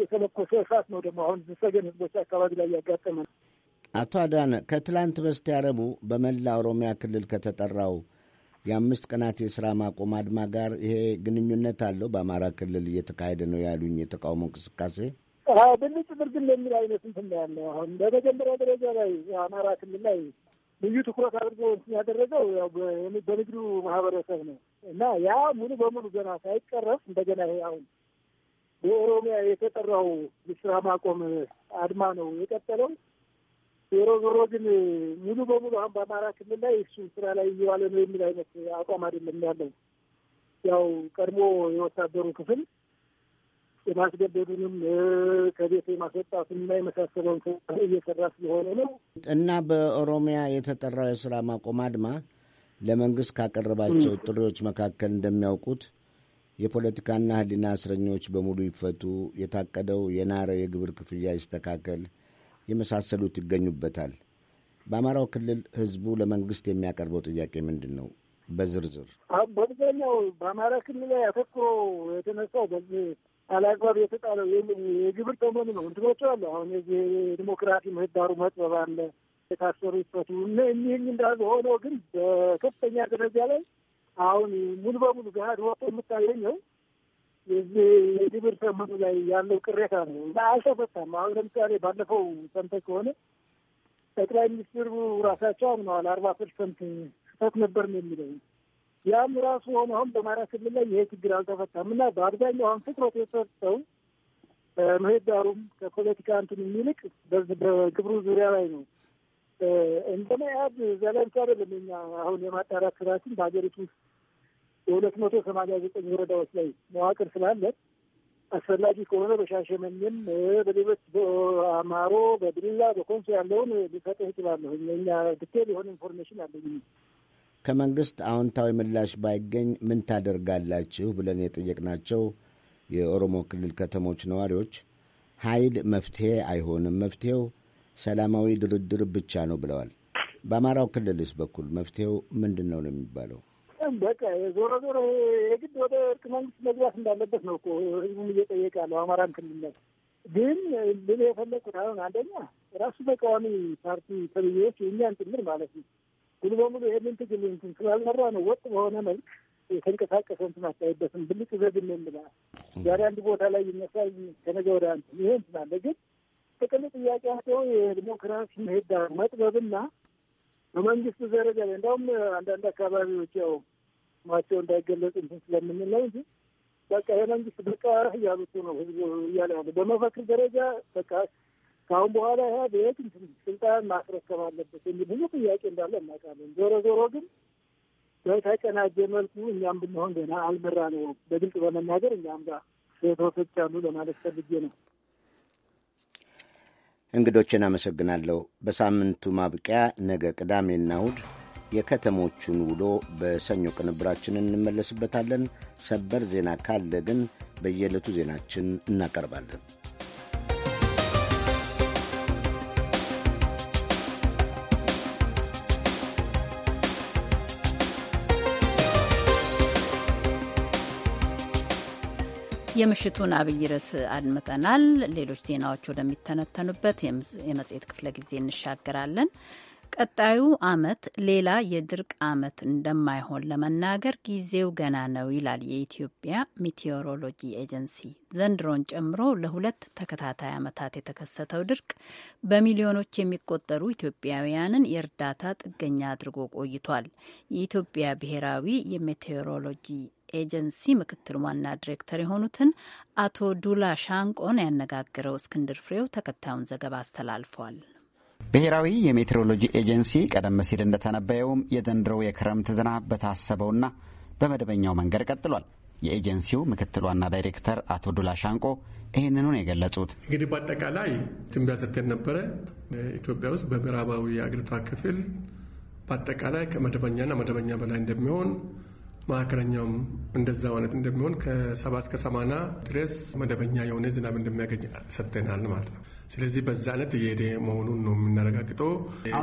የተለኮሰ እሳት ነው። ደግሞ አሁን ሰገን ህዝቦች አካባቢ ላይ ያጋጠመ ነው። አቶ አዳነ ከትላንት በስቲያ ረቡዕ በመላ ኦሮሚያ ክልል ከተጠራው የአምስት ቀናት የሥራ ማቆም አድማ ጋር ይሄ ግንኙነት አለው? በአማራ ክልል እየተካሄደ ነው ያሉኝ የተቃውሞ እንቅስቃሴ ብልጭ ድርግም የሚል አይነት እንትን ያለ አሁን በመጀመሪያ ደረጃ ላይ የአማራ ክልል ላይ ልዩ ትኩረት አድርጎ ያደረገው በንግዱ ማህበረሰብ ነው እና ያ ሙሉ በሙሉ ገና ሳይቀረፍ እንደገና ይሄ አሁን በኦሮሚያ የተጠራው የስራ ማቆም አድማ ነው የቀጠለው። ዞሮ ዞሮ ግን ሙሉ በሙሉ አሁን በአማራ ክልል ላይ እሱ ስራ ላይ እየዋለ ነው የሚል አይነት አቋም አይደለም ያለው። ያው ቀድሞ የወታደሩ ክፍል የማስገደዱንም ከቤት የማስወጣቱንና የመሳሰለውን እየሰራ ስለሆነ ነው እና በኦሮሚያ የተጠራው የስራ ማቆም አድማ ለመንግስት ካቀረባቸው ጥሪዎች መካከል እንደሚያውቁት የፖለቲካና ሕሊና እስረኞች በሙሉ ይፈቱ፣ የታቀደው የናረ የግብር ክፍያ ይስተካከል፣ የመሳሰሉት ይገኙበታል። በአማራው ክልል ህዝቡ ለመንግስት የሚያቀርበው ጥያቄ ምንድን ነው? በዝርዝር በአብዛኛው በአማራ ክልል ላይ አተኩሮ የተነሳው በዚህ አላግባብ የተጣለው የግብር ተመኑ ነው። እንትኖቹ አለ አሁን የዲሞክራሲ ምህዳሩ መጥበብ አለ የታሰሩ ይፈቱ እና እኒህም እንዳሉ ሆኖ ግን በከፍተኛ ደረጃ ላይ አሁን ሙሉ በሙሉ ገሀድ ወጥቶ የምታገኘው የዚህ የግብር ተመኑ ላይ ያለው ቅሬታ ነው እና አልተፈታም። አሁን ለምሳሌ ባለፈው ሰምተህ ከሆነ ጠቅላይ ሚኒስትሩ ራሳቸው አምነዋል አርባ ፐርሰንት ስህተት ነበር ነው የሚለው ያም ራሱ ሆኖ አሁን በአማራ ክልል ላይ ይሄ ችግር አልተፈታም እና በአብዛኛው አሁን ትኩረት የተሰጠው ምህዳሩም ከፖለቲካ እንትን የሚልቅ በግብሩ ዙሪያ ላይ ነው። እንደ መያድ ዘለንቻ አይደለም። እኛ አሁን የማጣራት ስራችን በሀገሪቱ ውስጥ የሁለት መቶ ሰማንያ ዘጠኝ ወረዳዎች ላይ መዋቅር ስላለን አስፈላጊ ከሆነ በሻሸመኔም በሌሎች በአማሮ በድሪላ በኮንሶ ያለውን ሊሰጥህ ይችላለሁ። እኛ ዲቴል የሆነ ኢንፎርሜሽን አለኝ። ከመንግሥት አዎንታዊ ምላሽ ባይገኝ ምን ታደርጋላችሁ ብለን የጠየቅናቸው የኦሮሞ ክልል ከተሞች ነዋሪዎች ኃይል መፍትሄ አይሆንም፣ መፍትሄው ሰላማዊ ድርድር ብቻ ነው ብለዋል። በአማራው ክልልስ በኩል መፍትሄው ምንድን ነው ነው የሚባለው? በቃ ዞሮ ዞሮ የግድ ወደ እርቅ መንግስት መግባት እንዳለበት ነው እኮ ህዝቡም እየጠየቀ ያለው አማራን ክልልነት። ግን ልል የፈለግኩት አሁን አንደኛ ራሱ ተቃዋሚ ፓርቲ ተብዬዎች የእኛን ጭምር ማለት ነው ሙሉ በሙሉ ይሄንን ትግል እንትን ስላልመራ ነው ወጥ በሆነ መልክ የተንቀሳቀሰ እንትን አታይበትም። ብልጭ ዘግን የምላ ዛሬ አንድ ቦታ ላይ የሚያሳይ ከነገ ወደ አንድ ይሄ እንትን አለ። ግን ጥቅል ጥያቄያቸው የዲሞክራሲ ምህዳር መጥበብና በመንግስት ደረጃ ላይ እንዲሁም አንዳንድ አካባቢዎች ያው ስማቸው እንዳይገለጽ እንትን ስለምንለው ነው እንጂ በቃ የመንግስት በቃ እያሉት ነው ህዝቡ እያለ ያለ በመፈክር ደረጃ በቃ ከአሁን በኋላ ያ ቤት ስልጣን ማስረከብ አለበት የሚል ብዙ ጥያቄ እንዳለ እናውቃለን። ዞሮ ዞሮ ግን በተቀናጀ መልኩ እኛም ብንሆን ገና አልመራ ነው በግልጽ በመናገር እኛም ጋር ስህተቶች አሉ ለማለት ፈልጌ ነው። እንግዶችን አመሰግናለሁ። በሳምንቱ ማብቂያ ነገ ቅዳሜና እሁድ የከተሞቹን ውሎ በሰኞ ቅንብራችን እንመለስበታለን። ሰበር ዜና ካለ ግን በየዕለቱ ዜናችን እናቀርባለን። የምሽቱን አብይ ርዕስ አድምጠናል። ሌሎች ዜናዎች ወደሚተነተኑበት የመጽሔት ክፍለ ጊዜ እንሻገራለን። ቀጣዩ ዓመት ሌላ የድርቅ ዓመት እንደማይሆን ለመናገር ጊዜው ገና ነው ይላል የኢትዮጵያ ሚቴዎሮሎጂ ኤጀንሲ። ዘንድሮን ጨምሮ ለሁለት ተከታታይ ዓመታት የተከሰተው ድርቅ በሚሊዮኖች የሚቆጠሩ ኢትዮጵያውያንን የእርዳታ ጥገኛ አድርጎ ቆይቷል። የኢትዮጵያ ብሔራዊ የሜቴዎሮሎጂ ኤጀንሲ ምክትል ዋና ዲሬክተር የሆኑትን አቶ ዱላ ሻንቆን ያነጋግረው እስክንድር ፍሬው ተከታዩን ዘገባ አስተላልፏል። ብሔራዊ የሜትሮሎጂ ኤጀንሲ ቀደም ሲል እንደተነበየውም የዘንድሮው የክረምት ዝናብ በታሰበውና በመደበኛው መንገድ ቀጥሏል። የኤጀንሲው ምክትል ዋና ዳይሬክተር አቶ ዱላ ሻንቆ ይህንኑን የገለጹት እንግዲህ በአጠቃላይ ትንቢያ ሰጥተን ነበረ። ኢትዮጵያ ውስጥ በምዕራባዊ አገሪቷ ክፍል በአጠቃላይ ከመደበኛና መደበኛ በላይ እንደሚሆን መካከለኛውም እንደዛው አይነት እንደሚሆን ከሰባ እስከ ሰማና ድረስ መደበኛ የሆነ ዝናብ እንደሚያገኝ ሰጥተናል ማለት ነው። ስለዚህ በዛ አይነት እየሄደ መሆኑን ነው የምናረጋግጠው።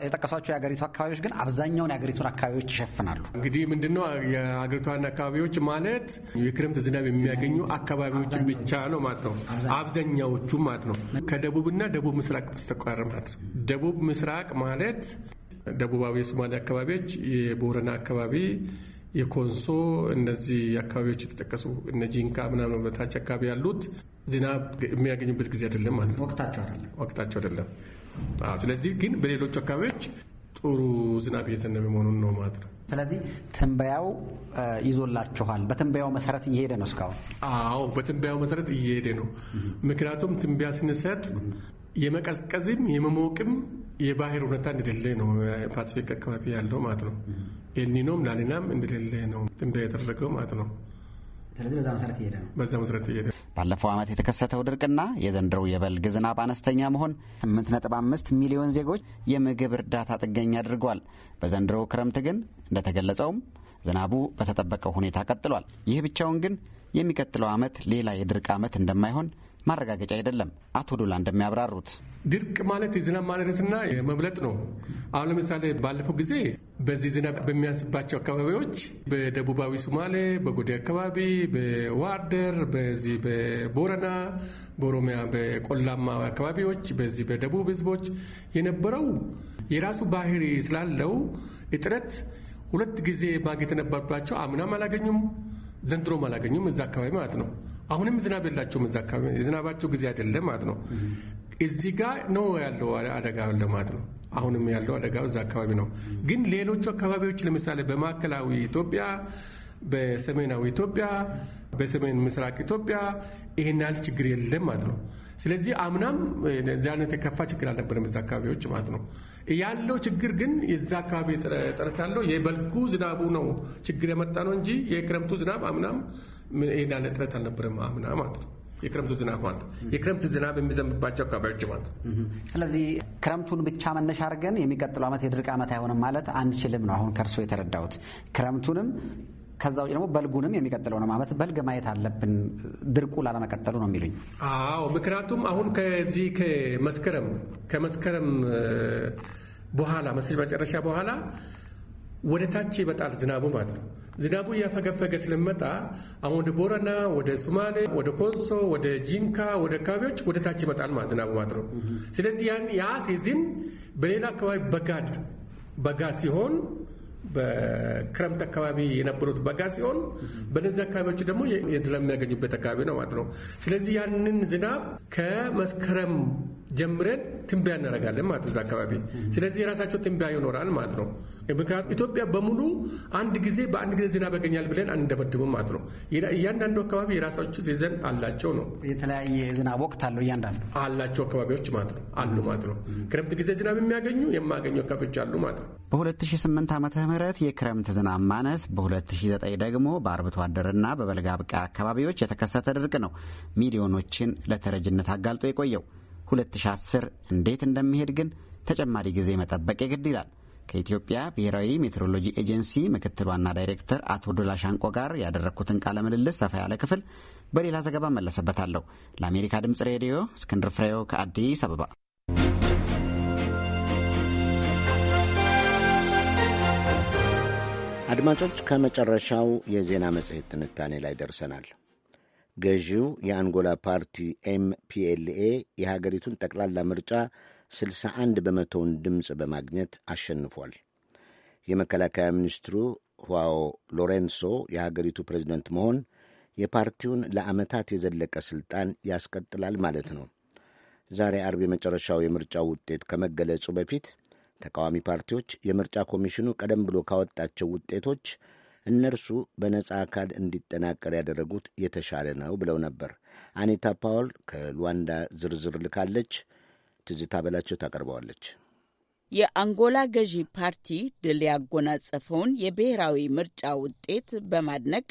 የጠቀሷቸው የአገሪቱ አካባቢዎች ግን አብዛኛውን የአገሪቱን አካባቢዎች ይሸፍናሉ። እንግዲህ ምንድነው የአገሪቷን አካባቢዎች ማለት የክረምት ዝናብ የሚያገኙ አካባቢዎች ብቻ ነው ማለት ነው። አብዛኛዎቹ ማለት ነው ከደቡብና ደቡብ ምስራቅ በስተቀር ማለት ነው። ደቡብ ምስራቅ ማለት ደቡባዊ የሶማሌ አካባቢዎች፣ የቦረና አካባቢ የኮንሶ እነዚህ አካባቢዎች የተጠቀሱ እነ ጂንካ ምናምን በታች አካባቢ ያሉት ዝናብ የሚያገኙበት ጊዜ አይደለም ማለት ነው። ወቅታቸው አይደለም። ስለዚህ ግን በሌሎቹ አካባቢዎች ጥሩ ዝናብ እየዘነበ መሆኑን ነው ማለት ነው። ስለዚህ ትንበያው ይዞላችኋል። በትንበያው መሰረት እየሄደ ነው እስካሁን? አዎ በትንበያው መሰረት እየሄደ ነው። ምክንያቱም ትንበያ ስንሰጥ የመቀዝቀዝም የመሞቅም የባህር ሁኔታ እንደሌለ ነው ፓስፊክ አካባቢ ያለው ማለት ነው። ኤልኒኖም ላሊናም እንደሌለ ነው እንዳያደረገው ማለት ነው። ስለዚህ በዛ መሰረት እየሄደ ነው። በዛ መሰረት እየሄደ ባለፈው ዓመት የተከሰተው ድርቅና የዘንድሮው የበልግ ዝናብ አነስተኛ መሆን 8.5 ሚሊዮን ዜጎች የምግብ እርዳታ ጥገኛ አድርጓል። በዘንድሮው ክረምት ግን እንደተገለጸውም ዝናቡ በተጠበቀው ሁኔታ ቀጥሏል። ይህ ብቻውን ግን የሚቀጥለው ዓመት ሌላ የድርቅ ዓመት እንደማይሆን ማረጋገጫ አይደለም። አቶ ዶላ እንደሚያብራሩት ድርቅ ማለት የዝናብ ማድረስና የመብለጥ ነው። አሁን ለምሳሌ ባለፈው ጊዜ በዚህ ዝናብ በሚያንስባቸው አካባቢዎች በደቡባዊ ሶማሌ፣ በጎዴ አካባቢ፣ በዋርደር፣ በዚህ በቦረና፣ በኦሮሚያ በቆላማ አካባቢዎች፣ በዚህ በደቡብ ህዝቦች የነበረው የራሱ ባህሪ ስላለው እጥረት ሁለት ጊዜ ማግኘት የነበርባቸው አምናም አላገኙም፣ ዘንድሮም አላገኙም እዛ አካባቢ ማለት ነው። አሁንም ዝናብ የላቸውም። እዛ አካባቢ የዝናባቸው ጊዜ አይደለም ማለት ነው። እዚህ ጋር ነው ያለው አደጋ ማለት ነው። አሁንም ያለው አደጋ እዛ አካባቢ ነው። ግን ሌሎቹ አካባቢዎች ለምሳሌ በማዕከላዊ ኢትዮጵያ፣ በሰሜናዊ ኢትዮጵያ፣ በሰሜን ምስራቅ ኢትዮጵያ ይህን ያህል ችግር የለም ማለት ነው። ስለዚህ አምናም እዚ አይነት የከፋ ችግር አልነበረም እዛ አካባቢዎች ማለት ነው። ያለው ችግር ግን የዛ አካባቢ ጥረት ያለው የበልኩ ዝናቡ ነው ችግር የመጣ ነው እንጂ የክረምቱ ዝናብ አምናም ይህን ያለ ጥረት አልነበረም አምና ማለት ነው። የክረምቱ ዝናብ ማለት ነው። የክረምት ዝናብ የሚዘንብባቸው አካባቢዎች ማለት ነው። ስለዚህ ክረምቱን ብቻ መነሻ አድርገን የሚቀጥለው ዓመት የድርቅ ዓመት አይሆንም ማለት አንችልም ነው አሁን ከእርሶ የተረዳሁት። ክረምቱንም ከዛ ውጭ ደግሞ በልጉንም የሚቀጥለውን ዓመት በልግ ማየት አለብን ድርቁ ላለመቀጠሉ ነው የሚሉኝ? አዎ ምክንያቱም አሁን ከዚህ ከመስከረም ከመስከረም በኋላ መጨረሻ በኋላ ወደ ታች ይመጣል ዝናቡ ማለት ነው። ዝናቡ እያፈገፈገ ስለመጣ አሁን ወደ ቦረና፣ ወደ ሱማሌ፣ ወደ ኮንሶ፣ ወደ ጂንካ፣ ወደ አካባቢዎች ወደ ታች ይመጣል ዝናቡ ማለት ነው። ስለዚህ ያን ያ ሲዝን በሌላ አካባቢ በጋድ በጋ ሲሆን በክረምት አካባቢ የነበሩት በጋ ሲሆን በነዚህ አካባቢዎች ደግሞ የድላ የሚያገኙበት አካባቢ ነው ማለት ነው። ስለዚህ ያንን ዝናብ ከመስከረም ጀምረን ትንቢያ እናደርጋለን ማለት እዛ አካባቢ። ስለዚህ የራሳቸው ትንቢያ ይኖራል ማለት ነው። ምክንያቱም ኢትዮጵያ በሙሉ አንድ ጊዜ በአንድ ጊዜ ዝናብ ያገኛል ብለን አንደበድቡም ማለት ነው። እያንዳንዱ አካባቢ የራሳቸው ሲዘን አላቸው ነው። የተለያየ ዝናብ ወቅት አለው እያንዳንዱ አላቸው አካባቢዎች ማለት ነው አሉ ማለት ነው። ክረምት ጊዜ ዝናብ የሚያገኙ የማያገኙ አካባቢዎች አሉ ማለት ነው። በ2008 ዓ ም የክረምት ዝናብ ማነስ፣ በ2009 ደግሞ በአርብቶ አደርና በበልግ አብቃይ አካባቢዎች የተከሰተ ድርቅ ነው ሚሊዮኖችን ለተረጅነት አጋልጦ የቆየው። 2010 እንዴት እንደሚሄድ ግን ተጨማሪ ጊዜ መጠበቅ የግድ ይላል። ከኢትዮጵያ ብሔራዊ ሜትሮሎጂ ኤጀንሲ ምክትል ዋና ዳይሬክተር አቶ ዶላ ሻንቆ ጋር ያደረግኩትን ቃለ ምልልስ ሰፋ ያለ ክፍል በሌላ ዘገባ መለሰበታለሁ። ለአሜሪካ ድምፅ ሬዲዮ እስክንድር ፍሬው ከአዲስ አበባ። አድማጮች፣ ከመጨረሻው የዜና መጽሔት ትንታኔ ላይ ደርሰናል። ገዢው የአንጎላ ፓርቲ ኤምፒኤልኤ የሀገሪቱን ጠቅላላ ምርጫ 61 በመቶውን ድምፅ በማግኘት አሸንፏል። የመከላከያ ሚኒስትሩ ሁዋዎ ሎሬንሶ የሀገሪቱ ፕሬዚደንት መሆን የፓርቲውን ለዓመታት የዘለቀ ሥልጣን ያስቀጥላል ማለት ነው። ዛሬ አርብ የመጨረሻው የምርጫው ውጤት ከመገለጹ በፊት ተቃዋሚ ፓርቲዎች የምርጫ ኮሚሽኑ ቀደም ብሎ ካወጣቸው ውጤቶች እነርሱ በነጻ አካል እንዲጠናቀር ያደረጉት የተሻለ ነው ብለው ነበር። አኒታ ፓውል ከሉዋንዳ ዝርዝር ልካለች። ትዝታ በላቸው ታቀርበዋለች። የአንጎላ ገዢ ፓርቲ ድል ያጎናጸፈውን የብሔራዊ ምርጫ ውጤት በማድነቅ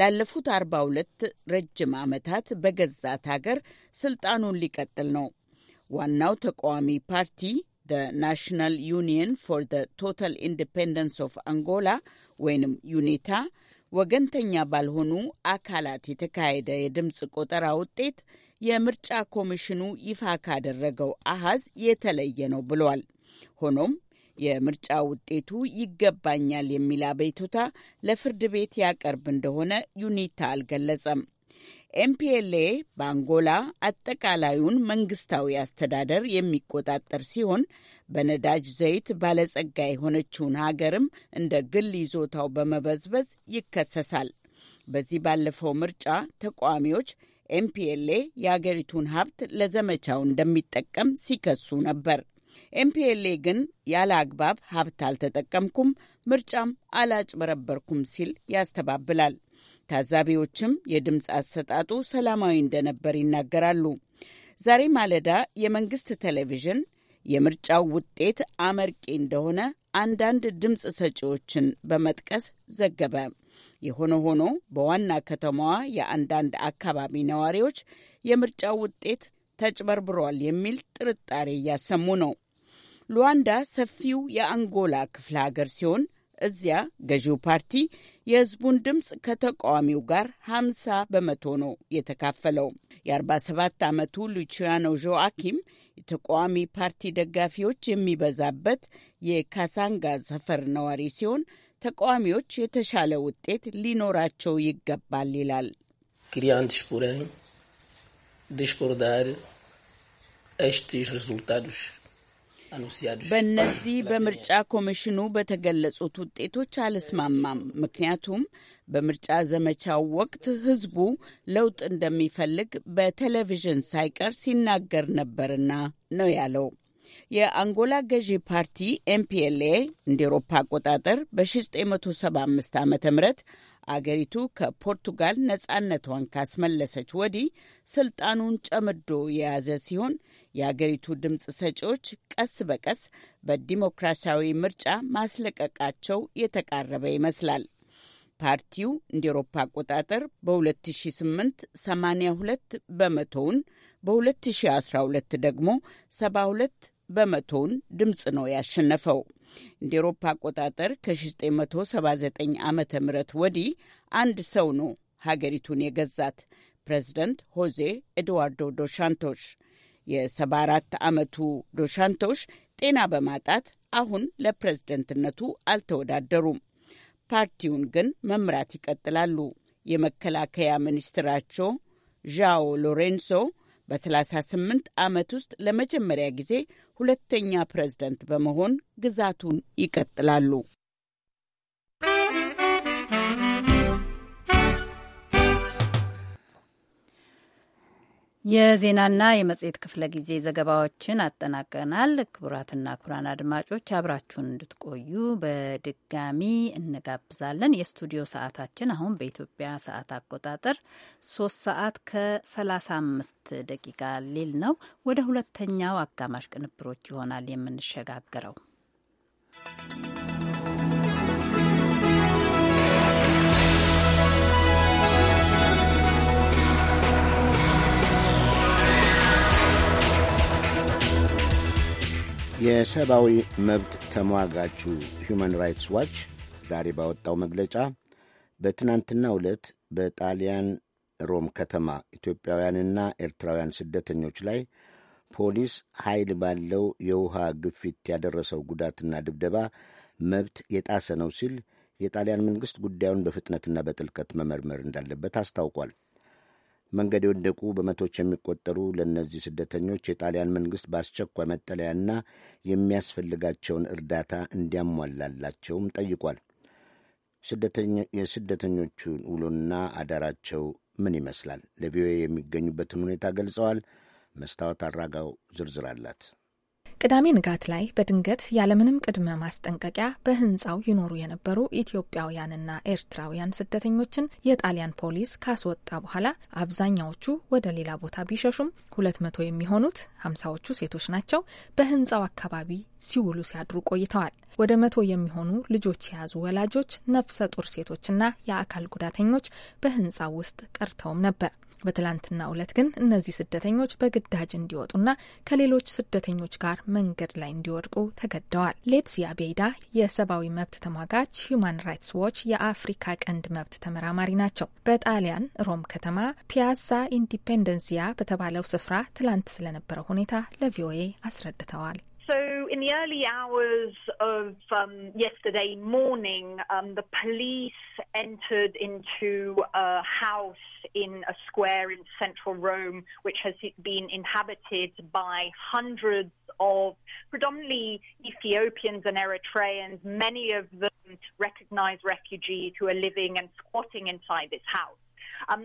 ላለፉት 42 ረጅም ዓመታት በገዛት ሀገር ስልጣኑን ሊቀጥል ነው። ዋናው ተቃዋሚ ፓርቲ ናሽናል ዩኒየን ፎር ቶታል ኢንዲፔንደንስ ኦፍ አንጎላ ወይንም ዩኒታ ወገንተኛ ባልሆኑ አካላት የተካሄደ የድምፅ ቆጠራ ውጤት የምርጫ ኮሚሽኑ ይፋ ካደረገው አሃዝ የተለየ ነው ብሏል። ሆኖም የምርጫ ውጤቱ ይገባኛል የሚል አቤቱታ ለፍርድ ቤት ያቀርብ እንደሆነ ዩኒታ አልገለጸም። ኤምፒኤልኤ በአንጎላ አጠቃላዩን መንግስታዊ አስተዳደር የሚቆጣጠር ሲሆን በነዳጅ ዘይት ባለጸጋ የሆነችውን ሀገርም እንደ ግል ይዞታው በመበዝበዝ ይከሰሳል። በዚህ ባለፈው ምርጫ ተቃዋሚዎች ኤምፒኤልኤ የአገሪቱን ሀብት ለዘመቻው እንደሚጠቀም ሲከሱ ነበር። ኤምፒኤልኤ ግን ያለ አግባብ ሀብት አልተጠቀምኩም፣ ምርጫም አላጭበረበርኩም ሲል ያስተባብላል። ታዛቢዎችም የድምፅ አሰጣጡ ሰላማዊ እንደነበር ይናገራሉ። ዛሬ ማለዳ የመንግስት ቴሌቪዥን የምርጫው ውጤት አመርቂ እንደሆነ አንዳንድ ድምፅ ሰጪዎችን በመጥቀስ ዘገበ። የሆነ ሆኖ በዋና ከተማዋ የአንዳንድ አካባቢ ነዋሪዎች የምርጫው ውጤት ተጭበርብሯል የሚል ጥርጣሬ እያሰሙ ነው። ሉዋንዳ ሰፊው የአንጎላ ክፍለ ሀገር ሲሆን እዚያ ገዢው ፓርቲ የህዝቡን ድምፅ ከተቃዋሚው ጋር 50 በመቶ ነው የተካፈለው። የ47 ዓመቱ ሉቺያኖ ዦአኪም የተቃዋሚ ፓርቲ ደጋፊዎች የሚበዛበት የካሳንጋ ሰፈር ነዋሪ ሲሆን ተቃዋሚዎች የተሻለ ውጤት ሊኖራቸው ይገባል ይላል። ክሪያን ድሽፑረኝ ድሽፑርዳር እሽትሽ ሪዙልታዶሽ በእነዚህ በምርጫ ኮሚሽኑ በተገለጹት ውጤቶች አልስማማም። ምክንያቱም በምርጫ ዘመቻው ወቅት ህዝቡ ለውጥ እንደሚፈልግ በቴሌቪዥን ሳይቀር ሲናገር ነበርና ነው ያለው። የአንጎላ ገዢ ፓርቲ ኤምፒኤልኤ እንደ ኤሮፓ አቆጣጠር በ1975 ዓ ም አገሪቱ ከፖርቱጋል ነጻነቷን ካስመለሰች ወዲህ ስልጣኑን ጨምዶ የያዘ ሲሆን የአገሪቱ ድምፅ ሰጪዎች ቀስ በቀስ በዲሞክራሲያዊ ምርጫ ማስለቀቃቸው የተቃረበ ይመስላል። ፓርቲው እንደ ኤሮፓ አቆጣጠር በ2008 82 በመቶውን በ2012 ደግሞ 72 በመቶውን ድምፅ ነው ያሸነፈው። እንደ ኤሮፓ አቆጣጠር ከ1979 ዓ ም ወዲህ አንድ ሰው ነው ሀገሪቱን የገዛት ፕሬዚደንት ሆዜ ኤድዋርዶ ዶ የ74 ዓመቱ ዶሻንቶሽ ጤና በማጣት አሁን ለፕሬዝደንትነቱ አልተወዳደሩም። ፓርቲውን ግን መምራት ይቀጥላሉ። የመከላከያ ሚኒስትራቸው ዣኦ ሎሬንሶ በ38 ዓመት ውስጥ ለመጀመሪያ ጊዜ ሁለተኛ ፕሬዝደንት በመሆን ግዛቱን ይቀጥላሉ። የዜናና የመጽሔት ክፍለ ጊዜ ዘገባዎችን አጠናቀናል። ክቡራትና ክቡራን አድማጮች አብራችሁን እንድትቆዩ በድጋሚ እንጋብዛለን። የስቱዲዮ ሰዓታችን አሁን በኢትዮጵያ ሰዓት አቆጣጠር ሶስት ሰዓት ከሰላሳ አምስት ደቂቃ ሌል ነው። ወደ ሁለተኛው አጋማሽ ቅንብሮች ይሆናል የምንሸጋገረው። የሰብአዊ መብት ተሟጋቹ ሁማን ራይትስ ዋች ዛሬ ባወጣው መግለጫ በትናንትናው ዕለት በጣሊያን ሮም ከተማ ኢትዮጵያውያንና ኤርትራውያን ስደተኞች ላይ ፖሊስ ኃይል ባለው የውሃ ግፊት ያደረሰው ጉዳትና ድብደባ መብት የጣሰ ነው ሲል የጣሊያን መንግሥት ጉዳዩን በፍጥነትና በጥልቀት መመርመር እንዳለበት አስታውቋል። መንገድ የወደቁ በመቶች የሚቆጠሩ ለእነዚህ ስደተኞች የጣሊያን መንግሥት በአስቸኳይ መጠለያና የሚያስፈልጋቸውን እርዳታ እንዲያሟላላቸውም ጠይቋል። የስደተኞቹን ውሎና አዳራቸው ምን ይመስላል? ለቪኦኤ የሚገኙበትን ሁኔታ ገልጸዋል። መስታወት አራጋው ዝርዝር አላት። ቅዳሜ ንጋት ላይ በድንገት ያለምንም ቅድመ ማስጠንቀቂያ በህንፃው ይኖሩ የነበሩ ኢትዮጵያውያንና ኤርትራውያን ስደተኞችን የጣሊያን ፖሊስ ካስወጣ በኋላ አብዛኛዎቹ ወደ ሌላ ቦታ ቢሸሹም ሁለት መቶ የሚሆኑት ሀምሳዎቹ ሴቶች ናቸው በህንፃው አካባቢ ሲውሉ ሲያድሩ ቆይተዋል። ወደ መቶ የሚሆኑ ልጆች የያዙ ወላጆች፣ ነፍሰ ጡር ሴቶችና የአካል ጉዳተኞች በህንፃው ውስጥ ቀርተውም ነበር። በትላንትና ዕለት ግን እነዚህ ስደተኞች በግዳጅ እንዲወጡና ከሌሎች ስደተኞች ጋር መንገድ ላይ እንዲወድቁ ተገደዋል። ሌትዚያ ቤይዳ የሰብአዊ መብት ተሟጋች ሂዩማን ራይትስ ዎች የአፍሪካ ቀንድ መብት ተመራማሪ ናቸው። በጣሊያን ሮም ከተማ ፒያዛ ኢንዲፔንደንሲያ በተባለው ስፍራ ትላንት ስለነበረው ሁኔታ ለቪኦኤ አስረድተዋል። So, in the early hours of um, yesterday morning, um, the police entered into a house in a square in central Rome, which has been inhabited by hundreds of predominantly Ethiopians and Eritreans, many of them recognized refugees who are living and squatting inside this house. Um,